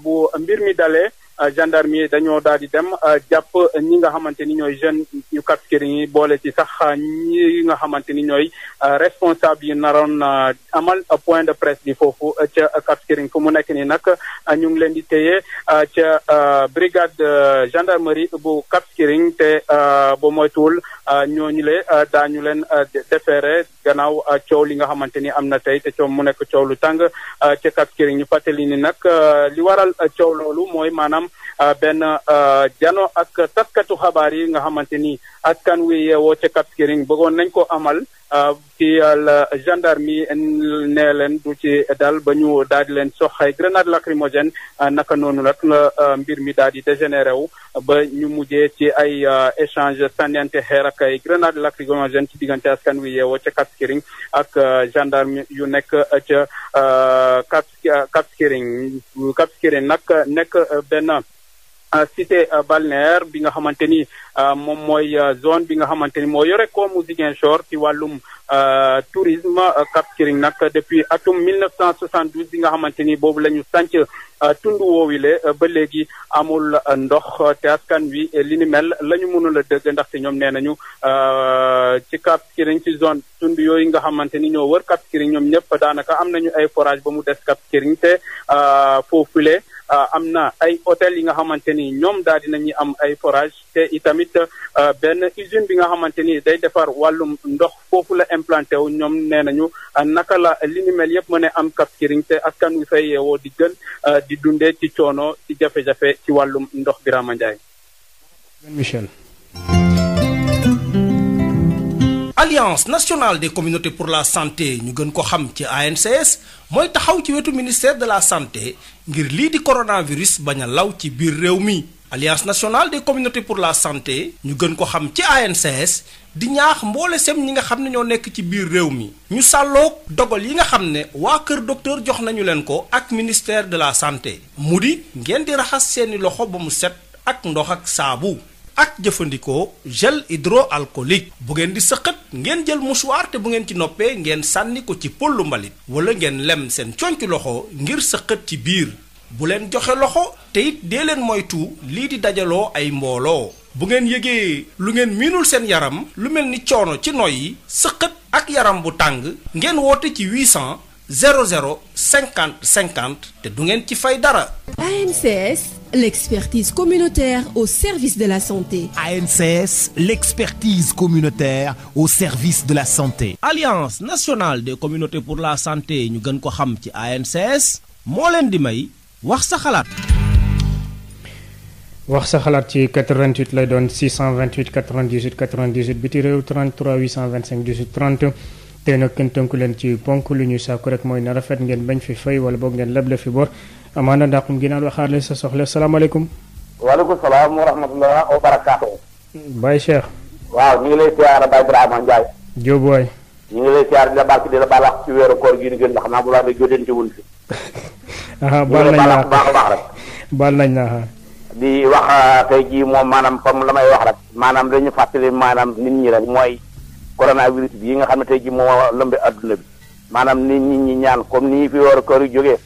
Speaker 9: bu mbir mi dalee. Euh, gendarmerie dañoo daal di dem euh, jàpp ñi nga xamante ni ñooy jeunes yu capturé yi boole ci sax euh, ñi nga xamante ni ñooy responsable yi naroon amal point de presse bi foofu ca capturé fu mu nekk nii nag ñu ngi leen di téye ca brigade gendarmerie bu capturé te bo ba moytuwul ñooñu le daañu leen defeere gannaaw coow li nga xamante ni am na tey te coow mu nekk coow lu tàng ca capturé ñu fàttali ni nag li waral coow loolu mooy maanaam Ah, benn ah, jano ak taskatu xabaar yi nga xamante ni askan wi yeewoo ca Cap Skirring bëggoon nañ ko amal ci ah, la gendarmerie leen du ci dal ba ñu daal di leen sox ay grenade lacrymogène naka noonu nag mbir mi daal di dégénéré wu ba ñu mujjee ci ay échange sànniyante xeer ak ay grenade lacrymogène ci diggante askan wi yeewoo ca Cap Skirring ak gendarme yu nekk ca Cap Cap Skirring nag nekk benn Euh, cité euh, balnéaire bi nga xamante ni euh, moom mooy zone bi nga xamante ni moo yore koomu Ziguinchor ci wàllum tourisme Cap Skirring nag depuis atum 1972 bi nga xamante ni boobu la ñu sànc tund woowile ba léegi amul ndox te askan wi li ni mel la ñu mënul a dëgg ndaxte ñoom nee nañu ci Cap Skirring ci zone tund yooyu nga xamante ni ñoo wër Cap Skirring ñoom ñëpp daanaka am nañu ay forage ba mu des Cap Skirring te foofule Euh, am na ay hôtel yi nga xamante ni ñoom daal dinañuy am ay forage te itamit euh, benn usine bi nga xamante ni day defar wàllum ndox foofu la implanté wu ñoom nee nañu euh, naka la li ni mel yëpp mën am Cap Skirring te ak kan fay yeewoo di gën di dundee ci coono di jafe-jafe
Speaker 10: ci wàllum ndox Birama Ndiaye. Michel. Alliance nationale des communautés pour la santé ñu gën ko xam ci ANCS mooy taxaw ci wetu ministère de la santé ngir lii di coronavirus bañ a law ci biir réew mi alliance nationale des communauté pour la santé ñu gën ko xam ci ANCS di ñaax mboole sem ñi nga xam ne ñoo nekk ci biir réew mi ñu sàlloog dogal yi nga xam ne waa kër docteur jox nañu leen ko ak ministère de la santé mu di ngeen di raxas seeni loxo ba mu set ak ndox ak saabu ak jëfandikoo gel hydroalcoolique bu ngeen di sëqat ngeen jël mouchoir te bu ngeen ci noppee ngeen sànni ko ci pollu mbalit wala ngeen lem seen conc loxo ngir sëqat ci biir bu leen joxe loxo te it dee leen moytu lii di dajaloo ay mbooloo bu ngeen yëgee lu ngeen miinul seen yaram lu mel ni coono ci yi sëqat ak yaram bu tàng ngeen woote ci 800 00 50 50 te du ngeen ci fay dara. l'expertise communautaire au service de la santé. ANCS, communautaire au service de la santé. Alliance nationale des communauté pour la santé ñu gën ko xam ci ANCS moo leen di may wax sa xalaat.
Speaker 2: wax sa xalaat ci 88 lay doon 628 98 98 biti réew 33 825 18 30. tey nag kenn tënku leen ci ponk lu ñu sàkku rek mooy na rafet ngeen bañ fi fay wala boog ngeen lab leble fi bor. amaana dàqum ginnaaw la xaar la sa soxla salaamaaleykum.
Speaker 5: waaleykum salaam wa rahmatulah wa ko
Speaker 2: Baye Cheikh.
Speaker 5: waaw ñu ngi lay siyaar Baye Ibrahima Ndiaye. Diop waay. ñu ngi lay siyaar di la barki di la baal ci weeru koor gi di gën ndax naa bu laa de jotee ci wul fi.
Speaker 2: baal nañ la baax a baax rek. baal nañ la
Speaker 5: di wax uh, tey jii moom maanaam comme la may wax rek maanaam dañu fàttali maanaam nit ñi rek mooy coronavirus bi yi nga xam ne tey jii moo lëmbe adduna bi maanaam nit ñi ñaan comme ni fi weeru koor yi jógee.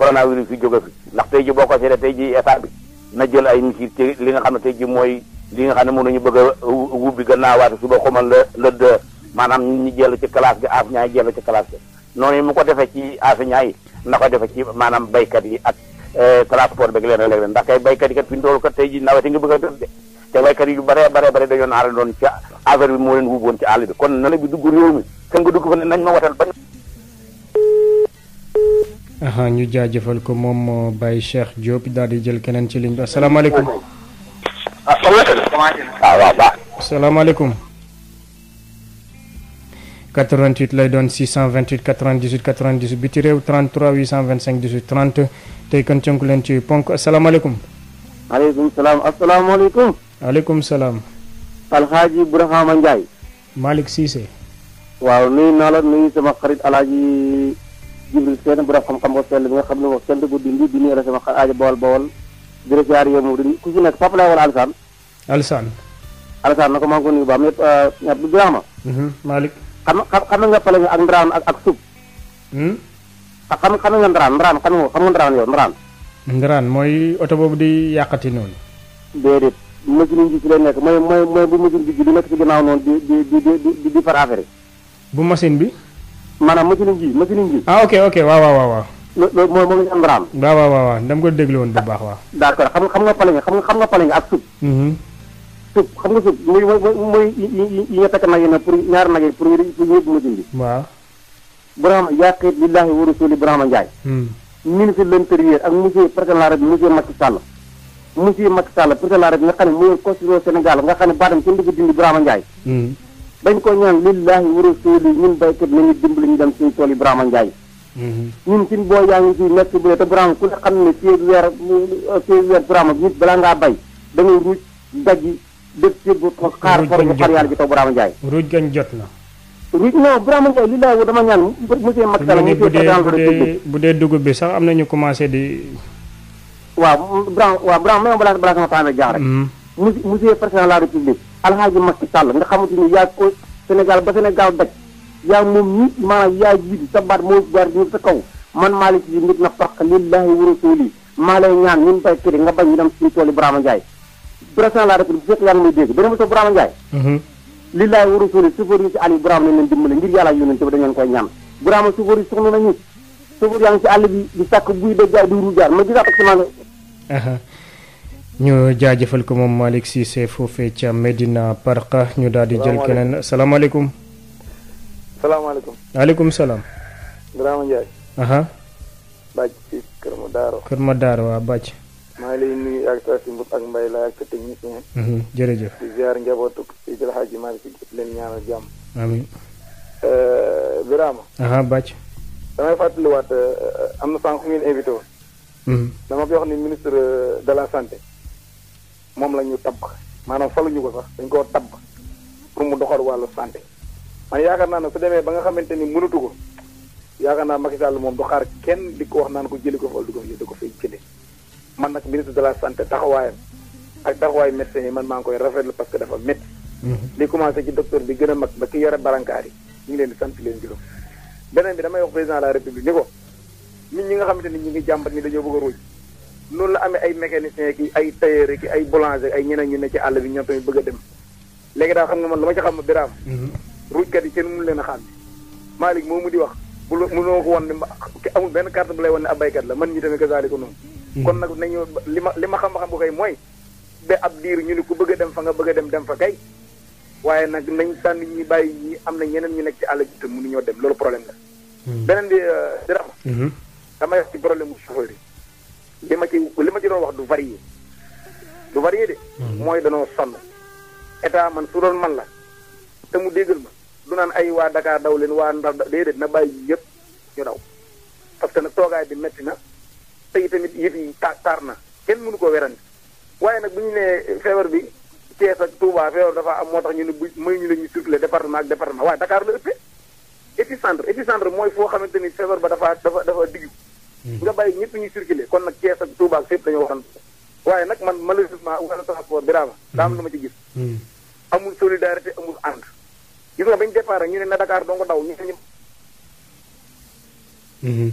Speaker 5: coronavirus bi jóge fi ndax tey ji boo ko seetee tey ji état bi na jël ay mesures ci li nga xam ne tey ji mooy li nga xam ne ñu bëgg a wubbi gannaawaate suba xumal la la de maanaam ñu jellu ci classe bi enseignant yi jellu ci classe bi noonu mu ko defee ci enseignant yi ndax ko defee ci maanaam baykat yi ak euh, transport beeg leneen léeg ndax kay baykat yi kat fi ndoolu kat tey ji nawet yi bëgg a def de te baykat yu bare bare bare dañoo naara doon ci affaire bi kon na la bi dugg réew mi ka nga dugg fa ne
Speaker 2: ñu jaajëfal ko moom euh, Baye Cheikh Diop daal di jël keneen ci ligne bi asalaamaaleykum. asalaamaaleykum. 88 lay doon 628 98 98 biti réew 33 825 18 30 tey kan cënku leen ci ponk asalaamaaleykum.
Speaker 5: maaleykum salaam asalaamaaleykum.
Speaker 2: maaleykum salaam.
Speaker 5: Alxaaji Burahama Ndiaye.
Speaker 2: Malick Cissé.
Speaker 5: waaw nuyu naa la nuyu sama xarit Alaaji. Jibril seen borom xam-xam bu sell bi nga xam ne moom kenn du ko dindi di nuyu sama aajo bool bool jërëjëf jaar yow moom ku ci nekk Papa Laye wala Alassane. Alassane. Alassane na ko maa ngi ko nuyu bu baax mais euh, ña bu jaaxma.
Speaker 2: Mhm, Malick.
Speaker 5: xam xam xam nga pale nga ak ndaraan ak ak suuf. Hmm? Ah, xam xam nga ndaraan ndaraan xam nga ndaraan yow ndaraan.
Speaker 2: ndaraan mooy oto boobu di yàqati noonu.
Speaker 5: déedéet machine bi ci lay nekk mooy mooy mooy bu machine bi di nekk ci ginnaaw noonu di
Speaker 2: di di di di far affaire bu machine bi. maanaam machine ji machine ji. ah ok ok waaw waaw waaw. loolu mooy moom la ñu am raam. waaw waaw waaw dama ko déglu woon bu baax waaw.
Speaker 5: d' xam nga xam nga palañ xam nga xam nga ak suuf. Mm-hmm. suuf xam nga suuf muy muy muy yi nga takk nag yi nag pour ñaar nag yi pour ñëpp machine ji. waaw. Birama yaqit lillahi wa rasuli Birama Ndiaye. Mm. ministre de l' intérieur ak monsieur président la République monsieur Macky Sall. monsieur Macky Sall président la République nga xam ne nga xam ne baatam kenn du ko dindi dañ ko ñaan lillahi wa rasuli ñun béykat nañu dimbali ñu dem suñu tool Ibrahima Ndiaye mhm. ñun suñ boo yaa ngi ciy nekk bu dee te Ibrahima ku ne xam ne fii weer fii weer Ibrahima nit balaa ngaa bay da ngay ruuj dajji dëkk ci bu xaar gañ jot na ruuj non Ibrahima Ndiaye lillahi dama ñaan monsieur Macky Sall monsieur bu
Speaker 2: dee dugub bi sax am nañu commencé di
Speaker 5: waaw Ibrahima waaw Ibrahima même balaa sama temps bi rek monsieur président de la république alxaaji Macky Sall nga xamante ni yaa ko Sénégal ba Sénégal daj yaa moom ñi maanaam yaa jiitu sa baat moo jaar ñëpp sa kaw man maa la ci nit na faq lillahi wa rasuli maa ñaan ñun béykat yi nga bañ ñu dem suñu tool yi Birama Ndiaye la république bu fekk yaa ma sa Birama Ndiaye mhm. lillahi wa rasuli sufóor yi si àll yi Birama nañ leen dimbale ngir yàlla yonente bi dañ leen koy ñaan Birama sufóor yi soxla nañu sufóor yaa ngi
Speaker 2: ñu jaajëfal ko moom Malick Cissé foofee ca Medina Parqa ñu daldi di jël keneen salaamaaleykum. salaamaaleykum. maaleykum salaam. Birama Ndiaye. aha.
Speaker 5: Bàcc ci Kër Madaar. Kër
Speaker 2: Madaar waa Bàcc.
Speaker 5: maa ngi lay nuyu ak si mbokk ak mbay la ak technicien.
Speaker 2: Mhm, jërëjëf. di
Speaker 5: ziar njabootu jël xaaj Malick di leen ñaanal jàmm. amiin. Euh, Birama. aha Bàcc. damay fàttaliwaat euh, am na sànq fu ngeen invité mhm. dama koy ni ministre euh, de la santé. moom la ñu tabb maanaam faluñu ko sax dañ koo tabb pour mu doxal wàllu santé man yaakaar naa ne su demee ba nga xamante ni mënatu ko yaakaar naa Macky Sall moom du xaar kenn di ko wax naan ko jëli ko fa du ko da ko man nag ministre de la santé taxawaayam ak taxawaayu médecin yi man maa ngi koy rafet rafetlu parce que dafa métti. Mhm. li commencé ci docteur bi gën a mag ba ki yore balankaar yi ñu ngi leen di sant leen gërëm. beneen bi damay wax président de la république ni ko nit ñi nga xamante ni ñu ngi jàmbat ni dañoo bëgg a loolu la amee ay mécanicien ki ay tailleur ki ay boulanger ay ñeneen ñu ne ci àll bi ñoo tamit bëgg a dem léegi daal xam nga man la ma ci xam ma biraam mhm. ruujkat yi kenn mënu leen a xam Malick moo mu di wax bu mënoo ko wan ne amul benn carte bu lay wan ne ab baykat la man ñi tamit gasaali ko noonu mhm. kon nag nañu li ma li ma xam xam ko kay mooy ba ab diir ñu ne ku bëgg a dem fa nga bëgg a dem dem fa kay waaye nag nañ tànn ñi bàyyi am na ñeneen ñu nekk ci àll bi te mënuñoo dem loolu problème la mhm. beneen di euh, biraam damay wax ci problème mu chauffeur yi li ma ci li ma ci doon wax du varié du varié de. Mhm. mooy danoo sonn état man su doon man la te mu déggal ma du naan ay waa Dakar daw leen waa Ndar déedéet na bàyyi yëpp ñu daw parce que nag toogaay bi metti na te tamit yëf yi ta taar na kenn mënu ko werante waaye nag bu ñu nee feebar bi Thiès ak Touba feebar dafa am moo tax ñu ne bu may ñu la ñu circulé département ak département waaye Dakar la ëppee épicentre épicentre mooy foo xamante ni feebar ba dafa dafa dafa diggu nga bàyyi ñëpp ñu circulé kon nag Thiès ak Touba ak fépp waaye nag man malheureusement wala transport biraama daa am lu ma ci gis hmm. amul solidarité amul ànd gis nga bañ départ ñu ne na Dakar doo ko daw ñu ne
Speaker 2: hmm.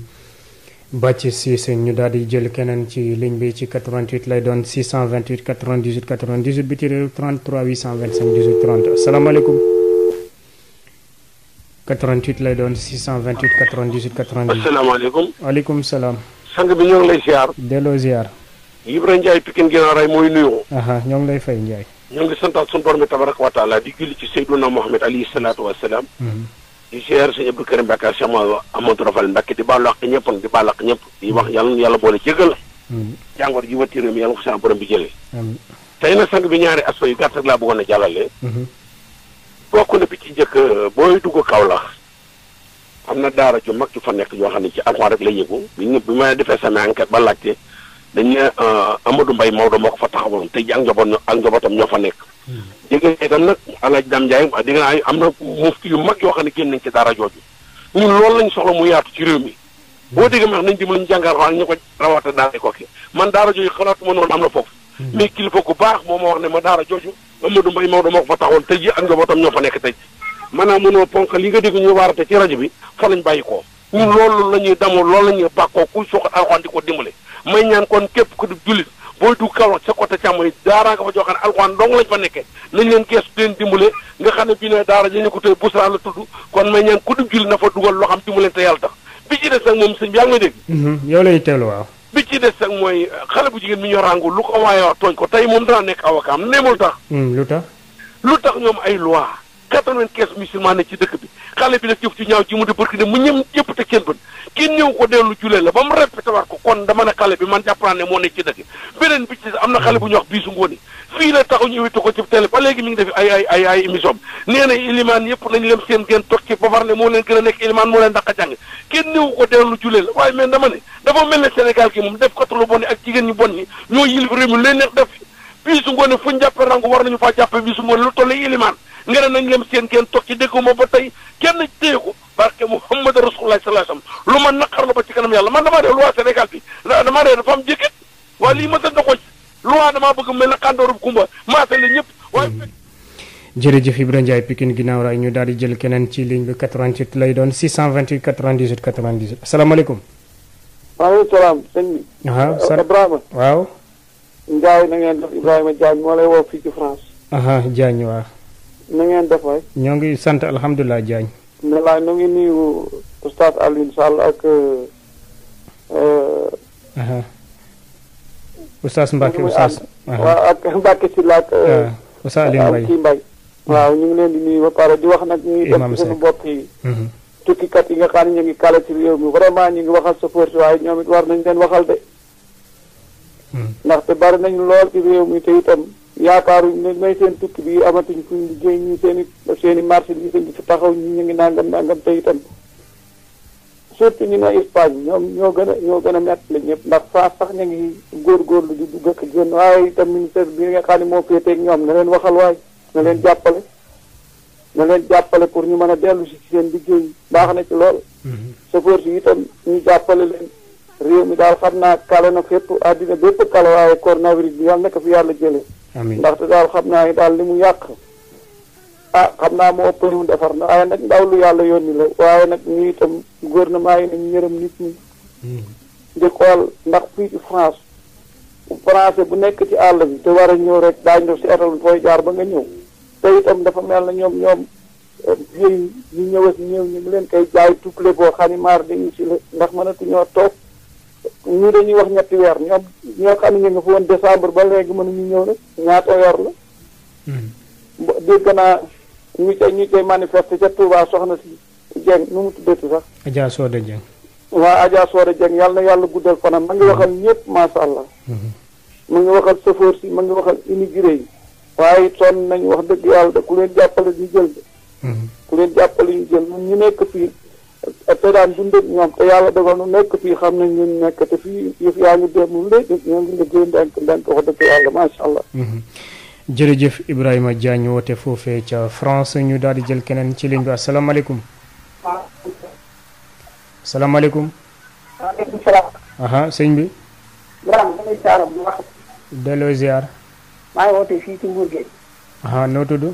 Speaker 2: Bàcc Cissé ñu daal di jël keneen ci ligne bi ci 88 lay doon 628 98 98 bi ci réew 33 825 18 30 asalaamaaleykum 88 lay doon 628 98 98.
Speaker 5: asalaamaaleykum.
Speaker 2: waaleykum salaam.
Speaker 5: sang bi ñoo ngi lay ziar.
Speaker 2: delloo ziar.
Speaker 5: Ibrahima Ndiaye Pikine Guinaw Rail mooy nuyoo.
Speaker 2: ñoo ngi lay fay Ndiaye.
Speaker 5: ñoo ngi santaat sunu borom bi tabaraka wa di julli ci Seydouna Mohamed alayhi salaatu salaam. Mhm. di ziar sëñ Abdou Karim Mbacke ak sama Amadou Rafal Mbacke di baalu àq ñëpp nag di baalu àq ñëpp di wax mhm. yàlla na yàlla boole mhm. jàngoor ji wàttiiroo a bokk na bi ci njëkk euh, booy dugg Kaolack am na daara ju mag ju fa nekk yoo xam ne ci alxuraan rek la yëgu bi ñu bi ma defee sama enquête ba laajte dañ ne euh, Amadou Mbaye Maodo moo ko fa taxawaloon te ji ak njaboot ak njabootam ñoo fa nekk. jege hmm. itam nag Alaaji Dam Njaay di nga ay am na mufti yu mag yoo xam ne génn nañ ci daara jooju ñun loolu lañ soxla mu yaatu ci réew mi. boo ma wax nañ dimbali ñu jàngal waa ko rawata daara ko man daara jooju xalaatuma noonu am na foofu. Hmm. mais kilifa ku baax moo ma wax ne ma daara jooju. Amadou Mbaye Maodo moo ko fa taxoon tey ji ak la ñuy damoo loolu la may ñaan kon képp ku di jullit booy dugg Kaolack sa côté càmmoñ daara nga fa joxaan alxuraan dong lañ fa nekkee nañ leen gees leen dimbale nga xam ne bii ne daara dañu ko tey busra tudd kon may ñaan ku jullit na fa dugal loo xam dimbale te yàlla tax bi ci des moom sëñ yaa ngi dégg
Speaker 2: mhm, yow lay teelu waaw
Speaker 5: bi ci des ak mooy xale bu jigéen bi ñu ràngu lu ko waaye wax tooñ ko tey moom dana nekk avocat am neemul tax. Hmm, lu tax. lu tax ñoom ay loi quatre-vingt-quinze musulman ne ci dëkk bi xale bi nag jëf ci ñaaw ji mu di burkina mu ñëm ñëpp teg seen bët kenn ñëw ko dellu julee la ba bi man jàpp naa am na xale bu ñu wax biisu ngoone fii la taxu ñu witu ko ci télé ba léegi mi ngi def ay ay ay ay émission bi ilimaan yëpp nañu lem seen gën toog babar ne moo leen gën a nekk ilimaan moo leen daq a jàng kenn ñëw ko dellu julee la waaye mais dama ne dafa mel ne Sénégal gi moom def katu lu bon ak jigéen ñu bon ñi ñoo yilif réew mi leen neex def biisu ngoone fu ñu rangu war nañu faa jàppe biisu ngoone lu toll ilimaan ngeen nañ seen kenn toog ci dégguma ba tey kenn téyeku barke Muhammad Rasulullah salaam
Speaker 2: sëñ waaw.
Speaker 5: Ndiaye na ngeen def Ibrahima Diagne moo lay woo fii ci France. Diagne waaw. na ngeen def waay.
Speaker 2: ñoo ngi sant alhamdulilah Diagne.
Speaker 5: ne laa ñu ngi nuyu Oustaz Alioune Sall ak. Euh,
Speaker 2: Oustaz Mbacke Oustaz. waaw
Speaker 5: ak Mbacke Sylla ak. Euh, ah,
Speaker 2: Oustaz Alioune
Speaker 5: Mbaye waaw ñu ngi leen di nuyu ba pare di wax nag. ñu ngi def suñu bopp yi. Mhm. tukkikat yi nga xam ne ñu ngi kale ci réew mi vraiment ñu ngi waxal sa force waaye ñoom it war nañ leen waxal de. ndaxte bari nañ lool ci réew mi te itam yaakaaruñ ne may seen tukki bi amatuñ fuñ liggéey ñi seen i seeni i marché yi seen ci taxaw ñu ngi nangam nangam te itam surtout ñu ne Espagne ñoom ñoo gën a ñoo gën a métti la yëpp ndax France sax ñu ngi góorgóorlu di dugg ak génn waaye itam ministère bi nga xam ne moo féeteeg ñoom na leen waxal waay na leen jàppale na leen jàppale pour ñu mën a dellu si seen liggéey baax na ci lool mm-hmm. chauffeur yi itam ñu jàppale leen réew mi daal xam naa kale na fépp àddina bépp kale waaye coronavirus bi yàlla na ko fi yàlla jëlee. ndax ndaxte daal xam naa ni daal li mu yàq. ah xam naa moo ëpp li mu defar na waaye nag ndaw lu yàlla yónni la waaye nag ñu itam gouvernement yi nañu yërëm nit ñi. Hmm. di xool ndax fii ci France. bu nekk ci àll bi te war a ñëw rek daañu def si étal fooy jaar ba nga ñëw. te itam dafa mel na ñoom ñoom. Eh, yooyu ñu ñëw ak ñëw ñu leen koy jaay tuple boo xam ne maar dañu la ndax mënatuñoo ñii dañuy wax ñetti weer ñoom ñoo xam ne ñu nga fa woon décembre ba léegi mënuñu ñëw nag ñaata weer la. Hmm. dégg naa ñu ca ñu ca manifester ca Touba soxna si Dieng nu mu tuddati sax.
Speaker 2: Adja Soda Dieng.
Speaker 5: waaw Adja Soda Dieng yàlla na yàlla guddal fanam ma ngi hmm. waxal ñëpp macha allah. Hmm. ma ngi waxal chauffeur si ma ngi waxal immigré yi. waaye sonn nañu wax dëgg yàlla de ku leen jàppale ñu jël. ku leen jàppale ñu jël ñun ñu nekk fii. te daan dund ñoom te yàlla dogal nekk fii xam nañ ñun nekk te fii yaa ngi dem lu léegi ñoo ngi liggéey ndànk ndànk wax dëgg
Speaker 2: yàlla macha allah. Mhm. jërëjëf Ibrahima Diagne woote foofee ca France ñu daal di jël keneen ci ligne bi asalaamaaleykum. asalaamaaleykum. aha sëñ bi. Birame da ngay ziar fii ci Mbour aha noo tudd.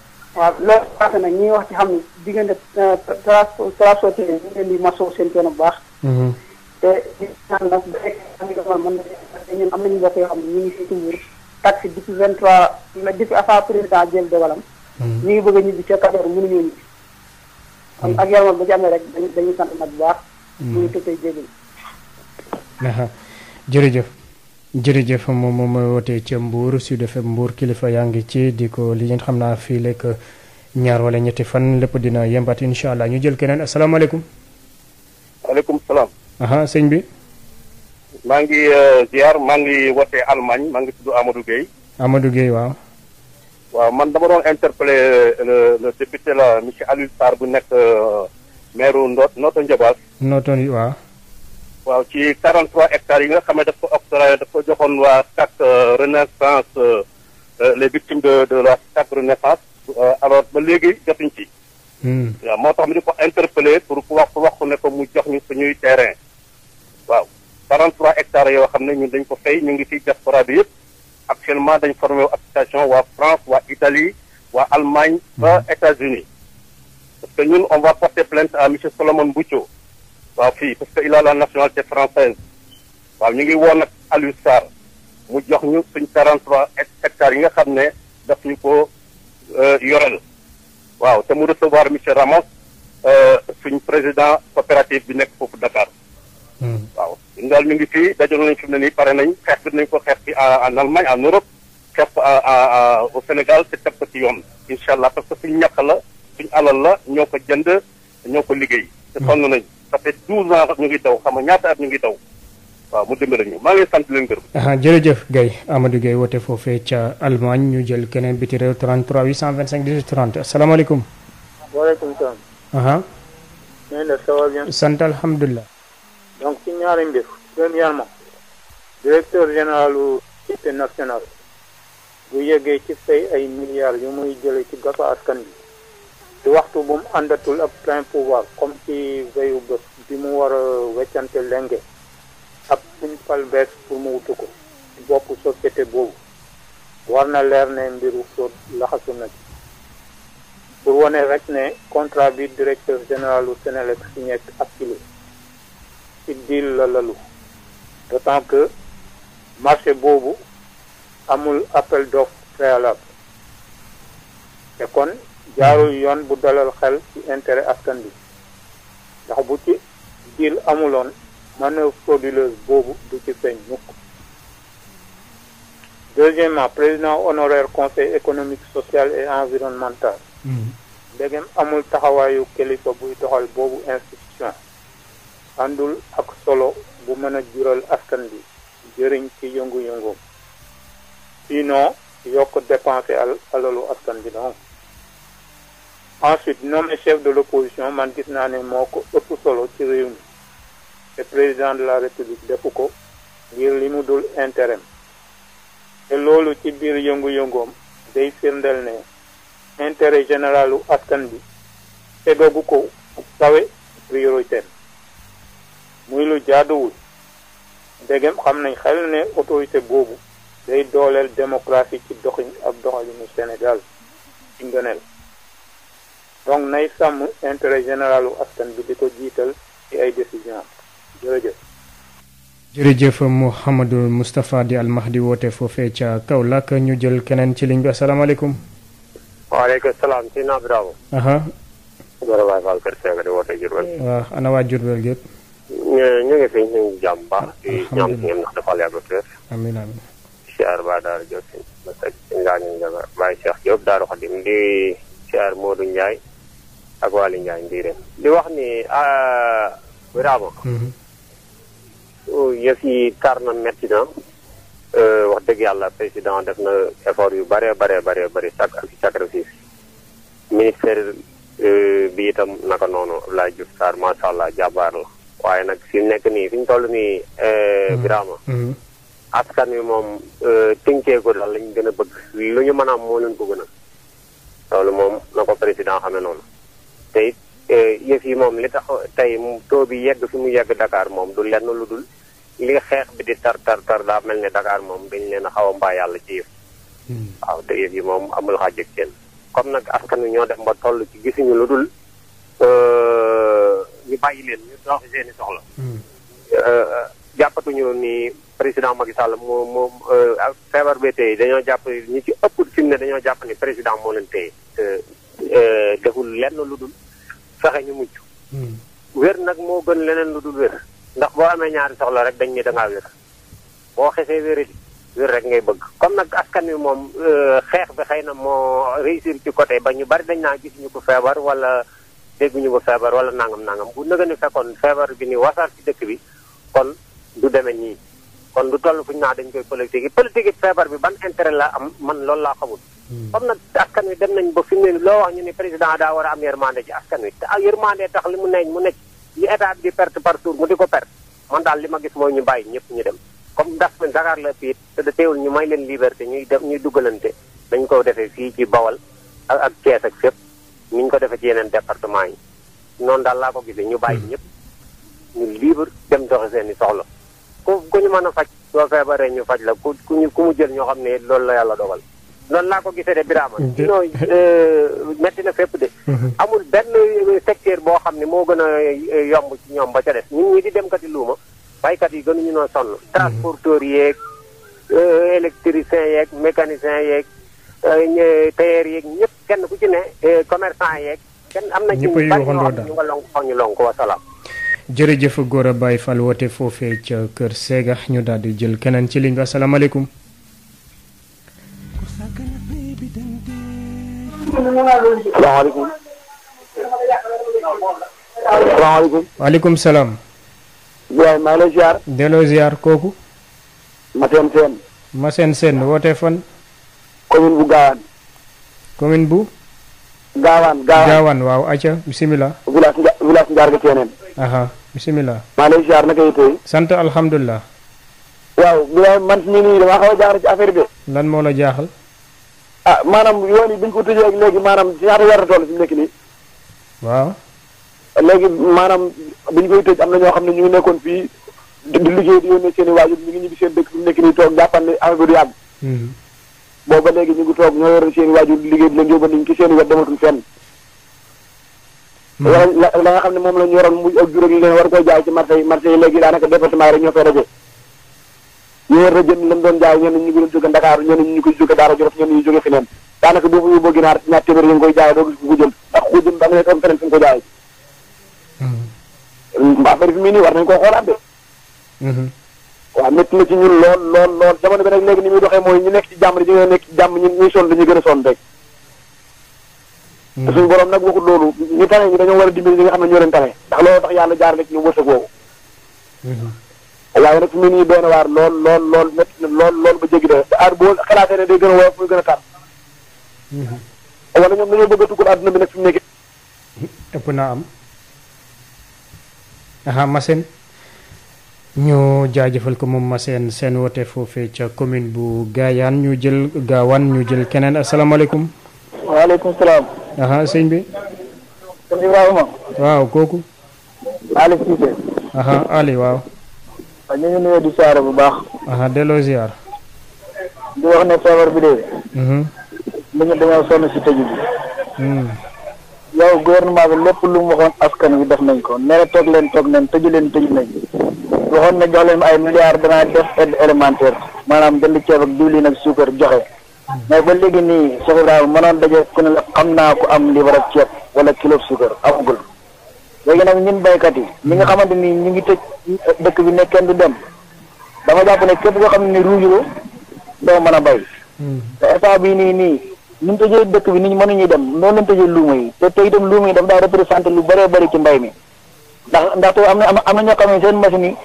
Speaker 5: waaw loolu paase nag ñi wax ci xam ne diggante euh, transporté ñu ngi leen di masoo seen coono bu baax. Mm-hmm. te di na nag bu fekkee am mën na ñun am nañu mbokk yoo xam ne ñu ngi di toujours taxi depuis 23 depuis avant président jël dogalam. Mm-hmm. ñu ngi bëgg a ñibbi ca Kajoor mënuñoo ñu kon ak yow ba ci amee rek dañuy dañuy sant nag bu baax. bu mm-hmm. ñu tëjee jéggi.
Speaker 2: jërëjëf. jërëjëf moom moom mooy wootee ca Mbour Sud FM kilifa yaa ngi ci di ko li ngeen xam naa fii lekk ñaar wala ñetti fan lépp dina yembaat incha allah ñu jël keneen asalaamaaleykum. waaleykum salaam. aha sëñ bi.
Speaker 5: maa ngi euh, ziar maa ngi wootee Allemagne maa ngi tudd Amadou Guèye.
Speaker 2: Amadou Guèye waaw.
Speaker 5: man dama doon interpeller euh, le le la monsieur Alioune Sarr bu nekk euh, maire Noto Ndiobass.
Speaker 2: Noto waaw.
Speaker 5: waaw ci 43 hectares yi nga xam ne daf ko octroyé daf ko joxoon waa CAC euh, Renaissance euh, euh, les victimes de de la CAC Renaissance alors ba léegi jotuñ ci. Hmm. moo tax mu di ko interpellé pour ku wax wax ne ko mu jox ñu suñuy terrain. waaw 43 ectares yoo xam ne ñu dañ ko fay ñu ngi ci diaspora bi yëpp actuellement dañ formé association waa France waa Italie waa Allemagne. Hmm. ba États-Unis parce que ñun on va porter plainte à monsieur Solomon Boucho. waaw fii parce que il a la nationalité française waaw ñu ngi woon nag Aliou Sarr mu jox ñu suñ 43 hectares yi nga xam ne daf ñu ko euh, yorel waaw te mu recevoir monsieur Ramos euh, suñ président coopérative bi nekk foofu Dakar. Hmm. waaw ñun daal ñu ngi fii dajaloon nañ fi mu nii pare nañ xeex bi nañ ko xeex bi en Allemagne en Europe xeex au Sénégal te teg ko ci yoon. incha allah parce que suñ ñàkk la suñ alal la ñoo ko jënd ñoo ko liggéey. te sonn nañ. ça fait douze ans ñu ngi daw xam nga ñaata at ñu ngi daw waaw mu dimbali ñu maa ngi sant leen gërëm.
Speaker 2: jërëjëf Gaye Amadou Gaye woote foofu ca Allemagne ñu jël keneen biti réew 33 825 18 30 asalaamaaleykum. waaleykum salaam.
Speaker 5: nee na ça va bien.
Speaker 2: sant alhamdulilah.
Speaker 5: donc ci ñaari mbir. premièrement. directeur général du national. bu yeggee ci fay ay milliards yu muy jële ci gafa askan bi. ci waxtu bu mu àndatul ak plein pouvoir comme ci veyu bés bi mu war a weccante lenge ak suñ fal bees pour mu wutu ko ci bopp boobu war na leer ne mbiru fóot laxasu na pour wane rek ne contrat bi directeur général u Senelec signé ak Akilee ci deal la lalu d'autant que marché boobu amul appel d'offre préalable te kon jaarul yoon bu dalal xel ci intérêt askan bi ndax bu ci diil amuloon manœuvre frauduleuse boobu du ci feeñ mukk deuxièmement président honoraire conseil économique social et environnemental hmm. ndegem amul taxawaayu kilifa buy doxal boobu institution àndul ak solo bu mën a jural askan bi jëriñ ci yëngu-yëngoom sinon yokk dépensé alalu askan bi donc ensuite nommé chef de l'opposition man gis naa ne moo ko ëpp solo ci réew mi te président de la république defu ko ngir li mu dul intérim te loolu ci biir yëngu-yëngoom day firndeel ne intérêt généralu askan bi tegagu ko kawe priorité muy lu jaaduwul ndegem xam nañ xel ne autorité boobu day dooleel démocratie ci doxin ak doxalinu Sénégal ci ngëneel donc nay sàmm intérêt général u bi di ko jiital ci ay décision jërëjëf
Speaker 2: jërëjëf Mouhamadou Moustapha di almahdi woote foofee ca Kaolack ñu jël keneen ci liñ bi asalaamaaleykum
Speaker 5: waaleykum salaam si naa Bravo aha Gora Fall
Speaker 2: waa Jurbel gépp
Speaker 5: ñu ngi fi ñu ngi jàmm baax ndax dafa yàgg féer amiin amiin siyaar ba daara Diop si ba teg
Speaker 2: ak Waly Ndiaye Ndiirène
Speaker 5: di wax ni ah, Birama mhm. oh, yëf yi tar na metti na euh, wax dëgg yàlla président def na effort yu bare bare bare bëri sac ak sacrifice ministère euh, bi itam naka noonu laa Diouf Sarr allah jàmbaar la waaye nag fi nekk nii fi ñu nii euh, mhm. Birama mhm. askan yi moom tënkee ko daal lañ gën a bëgg lu ñu mën a am moo leen ko gën a loolu moom na ko président xamee noonu tey it eh, yëf yi moom li tax mu taux bi yegg fi mu yegg dakaar moom du lenn lu dul li xeex bi di tar tar tar daa mel ne dakaar moom dañ leen a xaw a mbaa yàlla ci yëf hmm. waaw te yëf yi moom amul xaaj ak seen comme nag askan wi ñoo def ba toll ci gisuñu lu dul euh, ñu bàyyi leen ñu dox seen i soxla hmm. euh, jàppatuñu nii président Macky Sall moo moo euh, feebar bee tey dañoo jàpp ñu ci ëpp fi mu ne dañoo jàpp ni président moo leen téye Euh, deful lenn lu dul fexe ñu mucc. Hmm. wér nag moo gën leneen lu dul wér ndax boo amee ñaari soxla rek dañ ni da wér boo xesee wér wér rek ngay bëgg comme nag askan wi moom euh, xeex bi xëy na moo réussir ci côté ba ñu bari dañ naa gisuñu ko feebar wala dégguñu ko feebar wala nangam nangam bu nëgë ni fekkoon feebar bi ni wasaar ci dëkk bi kon du demee nii kon du toll fu ñu naa dañ koy politique yi politique yi feebar bi ban intérêt la am man loolu laa xamul. comme nag askan wi dem nañ ba fi mu loo wax ñu ni président daa war a am yërmande ci askan wi te yërmande tax li mu neñ mu nekk li état bi par jour mu di ko perte man daal li ma gis mooy ñu bàyyi ñëpp ñu dem comme ndax man Dakar la ñu may leen liberté ñuy def ñuy dugalante dañ ko defee fii ci Bawal ak ak Thiès ak fépp ni ñu ko defee ci yeneen département yi noonu daal laa ko gisee ñu bàyyi hmm. ñëpp ñu libre dem doxi seen i soxla ku ku ñu mën a faj soo feebaree ñu faj la ku ñu ku mu jël ñoo xam ne loolu la yàlla dogal noonu laa ko gisee de Birama mm-hmm. sinon euh, metti na fépp de mm-hmm. amul benn euh, secteur boo xam ne moo gën a euh, yomb ci ñoom ba ca des nit ñi di dem kati luuma baykat yi gënuñu noo sonn mm-hmm. transporteur yeeg électricien yeeg mécanicien yeeg tailleur yeeg ñëpp kenn ku ci ne commerçant yeeg kenn am na ci bari ñoo xam ne ñu nga lonk xaw ñu lonk wasalaam
Speaker 2: jërëjëf Gora Baye Fall woote foofee ca Kër Sega ñu daal di jël keneen ci ligne bi asalaamaaleykum
Speaker 5: salaamaaleykum. salaamaaleykum.
Speaker 2: waaleykum salaam. Ibrahima maa ngi lay ziar. delloo ziar kooku. Massène Sène. Massène Sène wootee fan.
Speaker 5: commune bu Gaawaan.
Speaker 2: commune bu. Gaawaan Gaawaan waaw acca bisimilah.
Speaker 5: village Nja village Njaarga
Speaker 2: aha bisimilah.
Speaker 5: maa ngi lay ziar naka yitee.
Speaker 2: sant alhamdulilah.
Speaker 5: waaw Ibrahima man si nii damaa xaw a jaaxal ci affaire bi. lan moo la jaaxal. ah maanaam yoon yi bi ñu ko tëjee léegi maanam ci ñaata weer la toll fi mu nekk nii. waaw. léegi maanaam bi ñu koy tëj am na ñoo xam ne ñu ngi nekkoon fii di liggéey di yónnee seen i waajur ñu ngi ñibbi seen dëkk fi mu nekk nii toog jàppal ne affaire bi du mm-hmm. ñu ngi toog ñoo yor seen i waajur di liggéey di leen yóbbu nañ ci seen i wet dematul fenn. Mm-hmm. la xam ne moom la ñu yoroon mu ak juróom yi leen war koy jaay ci marché yi léegi daanaka département rek ñoo fay rajo. ñu war a jënd lan doon jaay ñenn ñu ngi doon jóge Ndakaaru ñenn ñu koy jóge Daara ñu jóge feneen daanaka boo fa yóbboo ko jël ndax ko jël ba nga nekk am feneen fi nga ko jaayee hmm. affaire war nañu koo xoolaat de hmm. waaw métti na ci ñun lool lool lool jamono bi nag léegi ni muy doxee ñu nekk ci jàmm di ñu nekk ci jàmm ñun ñuy sonn dañuy gën a sonn rek hmm. te suñu borom nag waxul loolu ñu tane ñu dañoo war a dimbali ñi nga xam ne ñoo leen tane ndax loolu tax yàlla jaar na ci ñu wërsëg woowu waaye nag fi mu nii doon waar lool lool lool ba jéggi da te aar boo xalaatee ne day gën a woyof muy gën a tar mm-hmm. wala ñoom bëgg a tukkal àdduna bi nag fi mu nekkee
Speaker 2: ëpp naa am aha Massène ñu jaajëfal ko moom Massène seen woote foofee ca commune bu Gaayaan ñu jël gaawaan ñu jël keneen asalaamaaleykum
Speaker 5: waaleykum salaam
Speaker 2: aha sëñ bi sëñ waaw kooku Ali Cissé aha Ali waaw
Speaker 5: waaw ñu ngi nuyu di siyaare bu baax. delloo ziar. di wax ne feebar bi de. Mhm. nit ñi dañoo sonn si tëju bi. Mm. yow gouvernement bi lépp lu mu waxoon askan wi def nañ ko nee na toog leen toog nañ tëju leen tëju nañ waxoon na jox leen ay milliards danaa def aide élémentaire maanaam jënd ceeb ak diwlin ak suukar joxe. mais ba léegi nii Cheikh Ibrahima mënoon daje ku ne xam naa ko am liibar ceeb wala kilo suukar amagul. léegi nag ñun béykat yi ñi nga hmm. xamante ni ñu ngi tëj dëkk bi ne kenn dem dama jàpp ne képp koo xam ne ruujuloo doo mën a béy hmm. te état bii nii nii ñu tëjee dëkk bi niñ mënuñuy dem noonu lañ tëjee luuma yi te te itam luuma yi daf daa représenté lu bëree bëri ci mbay mi ndax ndaxte am na am na ñoo xam ne seen machine yi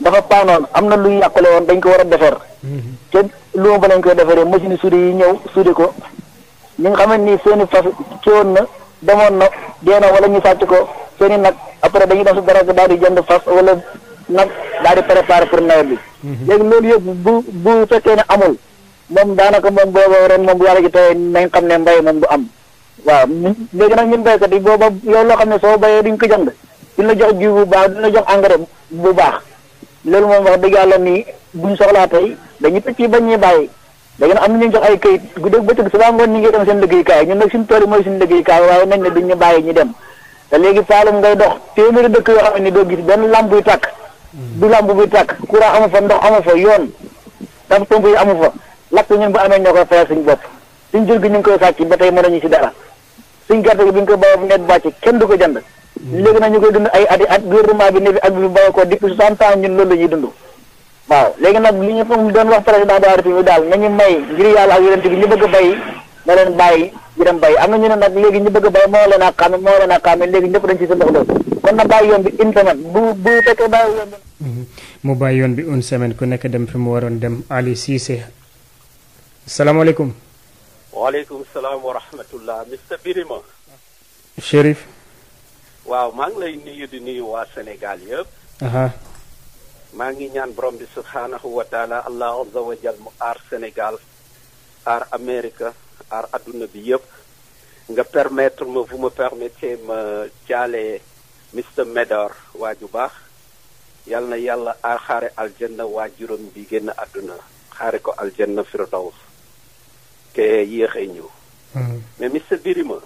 Speaker 5: dafa paanoon am na lu ñu yàqule woon dañ ko war a defar hmm. te luuma ba lañ koy defaree machine suude yi ñëw suude ko ñi nga xamante ni seen i fas ci na demoon na dee wala ñu sàcc ko seen i nag après dañuy dem si garage daal di jënd fas wala nag daal di préparer pour nawet bi. Mhm. léegi yo yëpp bu bu fekkee ne amul moom daanaka moom booba ren moom bu yàlla ji tey nañ xam ne mbay moom du am. waaw léegi nag ñun béykat ba booba yow loo xam ne soo béyee duñ ko jënd duñ la jox bu baax duñ la jox engrais bu baax loolu moom wax dëgg yàlla nii buñ soxlaa tey dañuy tëj ci bañ ñuy bàyyi. léegi nag am ñu jox ay kayit guddeeg bëccëg subaa ngoon ñu ngi dem seen liggéeyukaay ñun nag suñu tool yi mooy suñu te léegi Saalum ngay dox téeméeri dëkk yoo xam ne doo gis benn lamp buy tàkk. Hmm. du lamp buy tàkk courant amu fa ndox amu fa yoon dafa pomp yi amu fa lakk ñun bu amee ñoo koy fayal suñu bopp suñ jur gi ñu ngi koy sàcc ba tey ñu ci dara suñ gerte gi bi ñu koy bawoo bu nawet bàcc kenn du ko jënd. Hmm. léegi nag ñu koy dund ay at at gouvernement bi ne fi ak bi bawoo ko depuis soixante ans ñun loolu la ñuy dund. waaw léegi nag li ñu doon wax président de la République daal nañu may ngir yàlla ak yonent bi ñu bëgg a bay na bàyyi. ñu dem bay am na ñu ne nag léegi ñu bëgg a bay moo leen a xàmme moo leen a xàmme léegi ñëpp dañ ci sa ndox kon na bàyyi yoon bi une semaine bu bu fekkee bàyyi yoon
Speaker 2: mhm. mu bàyyi yoon bi une semaine ku nekk dem fi mu waroon dem Ali Cissé salaamaaleykum.
Speaker 5: waaleykum salaam wa rahmatullah Mr Birima. Chérif. waaw maa ngi lay nuyu di nuyu waa Sénégal yëpp. maa ngi ñaan borom bi subhaanahu wa taala allah azza aar adduna bi yëpp nga permettre ma vous me permettez ma jaale Mr Medor waa ju baax yal na yàlla aar xaare aljanna waa juróom bi génn àdduna xaare ko aljanna firdaws te yéexee ñëw hmm. mais Mr ma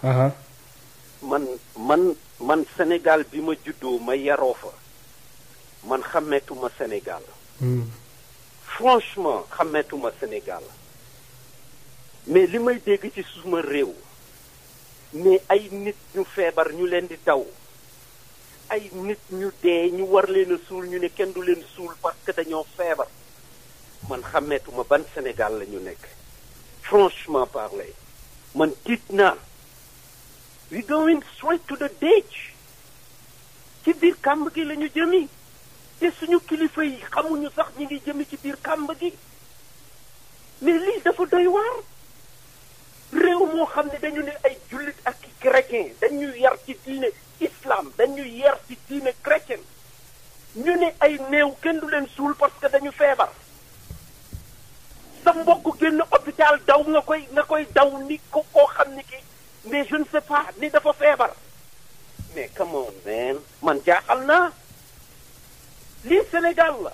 Speaker 5: man man man Sénégal bi ma juddoo ma yaroo fa man xàmmeetuma Sénégal hmm. franchement xàmmeetuma Sénégal mais li may dégg ci suma réew mais ay nit ñu feebar ñu leen di taw ay nit ñu dee ñu war leen suul ñu ne kenn du leen suul parce que dañoo feebar man xàmmeetuma ban senegal lañu nekk franchement parler man tiit naa we going straight to the ditch ci biir kàmb gi lañu ñu jëmi te suñu kilifa yi xamuñu sax ñi ngi jëmi ci biir kàmb gi mais lii dafa doy waar réew moo xam ne dañu ne ay jullit ak chrétien dañu yar
Speaker 10: ci diine islam dañu yar ci diine chrétien ñu ne ay néew
Speaker 5: kenn du leen suul parce que dañu feebar sa mbokk génn hôpital daw nga koy nga koy daw ni ko koo xam ni kii mais je ne sais pas ni dafa feebar mais come man man jaaxal naa lii Sénégal la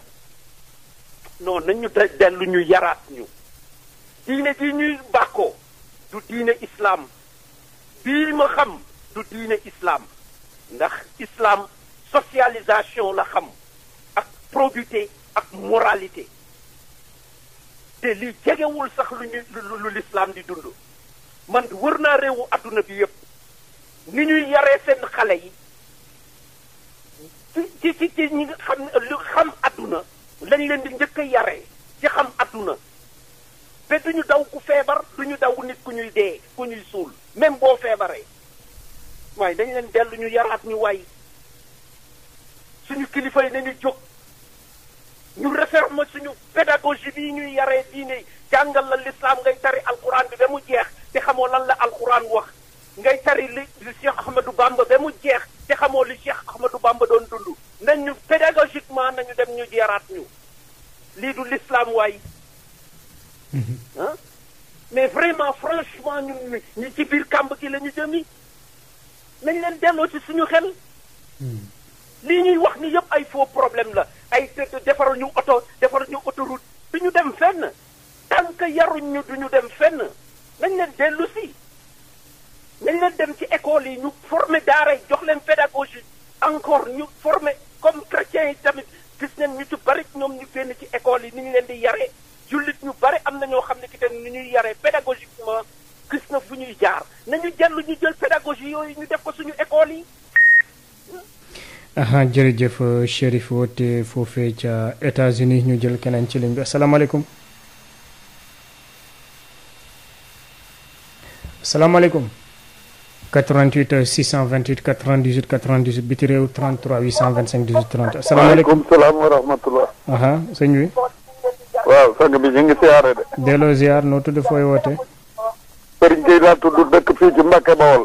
Speaker 5: non nañ ñu dellu ñu yaraat ñu diine ji ñuy bàkkoo du diine islaam bii ma xam du diine
Speaker 10: islaam ndax islaam socialisation la xam ak
Speaker 5: probité ak moralité te li jegewul sax lu ñu di dund man wër naa réewu adduna bi yépp ni ñuy yaree seen xale yi ci ci ci ñi nga xam lu xam adduna lañ leen di njëkk yare ci xam adduna te duñu daw ku feebar ñu daw nit ku ñuy dee ku ñuy suul même boo feebaree waaye dañu leen dellu ñu yaraat ñu waay suñu kilifa yi ñu jóg ñu réformer suñu pédagogie bi ñuy yaree diine jàngal la lislaam ngay tari alquran bi ba mu jeex te xamoo lan la alquran wax ngay tari li mu jeex xamoo li Cheikh Ahmadou Bamba doon dund nañu pédagogiquement nañu dem ñu yaraat ñu lii du lislaam waay ah mais vraiment franchement ñun ñi ci biir kàmb gi la ñu jëm yi nañ leen delloo ci suñu xel. Hmm. li ñuy wax ni yëpp ay faux problème la ay defaral ñu oto defaral ñu autoroute du ñu dem fenn tant que yaruñ ñu du ñu dem fenn nañ leen dellu si nañ leen dem ci école yi ñu former
Speaker 10: daara yi jox leen pédagogie encore ñu former comme chrétiens yi tamit gis nañ ñu ci
Speaker 5: bari ñoom ñu fenn ci école yi ni ñu leen di yaree. jullit ñu bare am na ñoo xam ne ki tam ni ñuy yaree pédagogiquement gis fu ñuy jaar nañu dellu ñu jël pédagogie yooyu ñu def ko suñu école yi.
Speaker 2: jërëjëf Chérif woote foofee ca États-Unis ñu jël keneen ci ligne bi asalaamaaleykum. asalaamaaleykum. 88 628 98 98 biti réew 33 825 18 30 asalaamaaleykum
Speaker 5: salaam
Speaker 2: wa waaw sang
Speaker 5: bi ñu ngi siyaare
Speaker 2: de. delloo ziar noo tudd fooy woote.
Speaker 5: Serigne Gueye laa tudd dëkk fii ci Mbacke Bawol.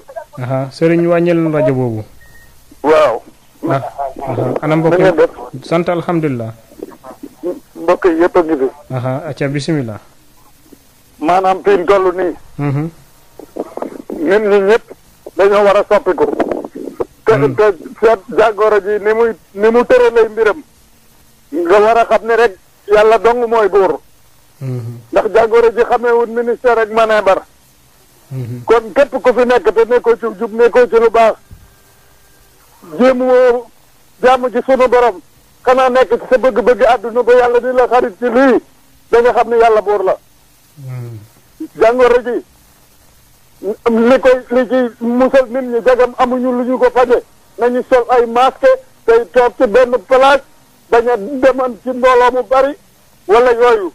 Speaker 2: Serigne wàññil rajo boobu.
Speaker 5: waaw. ah ana mbokk yi alhamdulilah. mbokk yi yëpp a ngi fi.
Speaker 2: acca bisimilah.
Speaker 5: maanaam fi mu mhm. ñëpp dañoo war a soppiku. te mm. te ji ni mu tëralee mbiram. nga war xam ne rek. yàlla dong mooy buur. Mm-hmm. ndax jàngoro ji xameewul ministère ak manee mm-hmm. kon képp ko fi nekk te nekkoo ci jub nekkoo ci lu baax. jéem woo jàmm ci sunu borom xanaa nekk ci sa bëgg-bëgg àdduna ba yàlla di la xarit ci lii da nga xam ne yàlla buur la. Mm-hmm. jàngoro ji li koy li ci musal nit ñi jagam amuñu lu ñu ko faje nañu sol ay masque tey toog ci benn place. bañ a deman ci mbooloo bari wala yooyu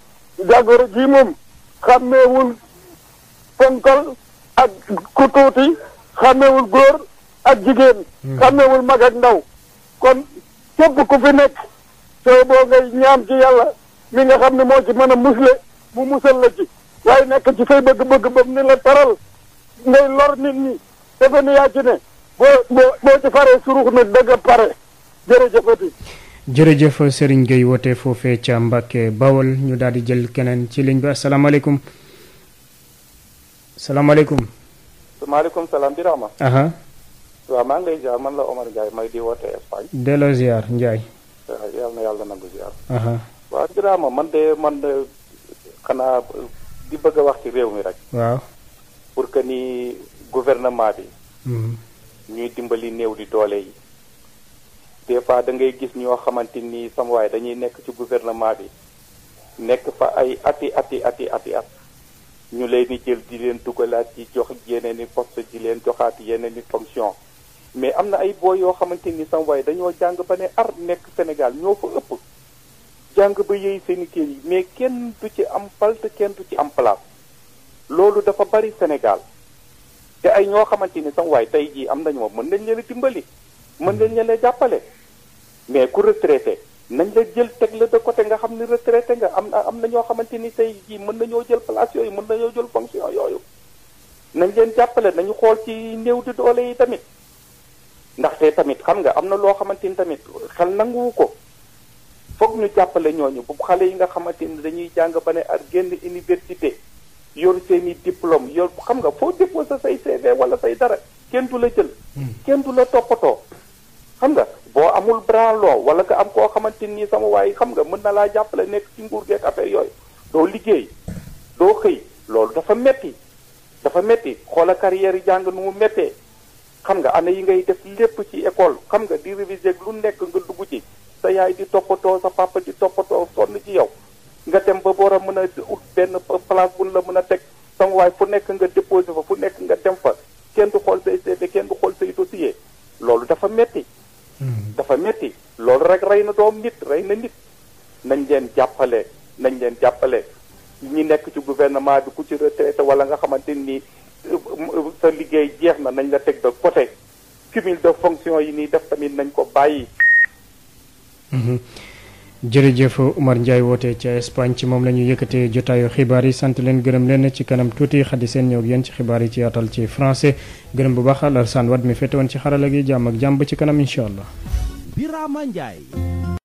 Speaker 5: jàngoro ji moom xàmmeewul ponkal ak ku tuuti xàmmeewul góor ak jigéen hmm. xàmmeewul mag ak ndaw kon képp ku fi nekk soo boo ngay ñaan ci yàlla mi nga xam ne moo ci mën a musle mu musal la waaye nekk ci say bëgg-bëgg bam ni la taral ngay lor nit ñi defe ni yaa ne boo boo faree surux na dëgg pare jërëjëfati
Speaker 2: jërëjëf Serigne Gueye woote foofee ca Mbacke Bawol ñu daal di jël keneen ci liñ bi asalaamaaleykum salaamaaleykum.
Speaker 5: maaleykum salaam Birama.
Speaker 2: waaw
Speaker 5: maa ngi lay ziar man la Omar Ndiaye may di woote Espagne.
Speaker 2: delloo ziar Ndiaye.
Speaker 5: yàlla na yàlla nangu ziar. waaw Birama man de man xanaa di bëgg a wax ci réew mi rek. waaw. pour que ni gouvernement bi. Mhm. ñuy
Speaker 9: dimbali néew di doole yi. des fois da ngay gis ñoo xamante ni sama waay dañuy nekk ci gouvernement bi nekk fa ay ati ati ati ati at ñu leen di jël di leen dugalaat ci jox yeneen i poste di leen joxaat yeneen i fonction
Speaker 5: mais am na ay booy yoo xamante ni sama dañoo jàng ba ne ar nekk senegal ñoo fa ëpp jàng ba yëy seen mais kenn du ci am palte kenn du ci am place loolu dafa bari senegal te ay ñoo xamante ni sama waay tey jii am nañu moom mën nañ leen a dimbali mën nañ leen jàppale mais ku retraité nañ la jël teg la de côté nga xam ni retraité nga am am na ñoo xamante ni tey jii mën nañoo jël place yooyu mën nañoo jël fonction yooyu nañ leen jàppale nañu xool ci néew di doole yi tamit ndaxte tamit xam nga am na loo xamante ni tamit xel nanguwu ko foog ñu jàppale ñooñu bu xale yi nga xamante ni dañuy jàng ba ne ak génn université yor seen i diplôme yor xam nga foo déposé say CV wala say dara kenn du la jël. Hmm. kenn du la toppatoo. xam nga boo amul branlo wala nga am koo xamante nii sama waaye xam nga mën na laa jàppale nekk ci nguur gee affaire yooyu doo liggéey doo xëy loolu dafa metti dafa metti xoola carrière yi jàng nu mu méttee xam nga année yi ngay def lépp ci école xam nga di réviser lu nekk nga dugg ci sa yaay di toppatoo sa papa di toppatoo sonn ci yow nga dem ba boor a mën a ut benn place bu la mën a teg sama waay fu nekk nga déposé fa fu nekk nga dem fa kenn xool kenn du xool say dossier loolu dafa metti dafa metti loolu rek rey na doom nit rey na nit nañ leen jàppale nañ leen jàppale ñi nekk ci gouvernement bi ku ci retraité wala nga xamante nii sa liggéey jeex na nañ la teg de côté cumul de fonction yi nii def tamit nañ ko bàyyi
Speaker 2: mm-hmm. jërëjëf Umar Ndiaye wootee ca Espagne ci moom la ñu yëkkatee jotaayu xibaar yi sant leen gërëm leen ci kanam tuuti xaddi seen ñëw ak yéen ci xibaar yi ci yaatal ci français gërëm bu baax Alassane Wade mi féete woon ci xarala gi jàmm ak jàmm ba ci kanam incha allah. Birama Ndiaye.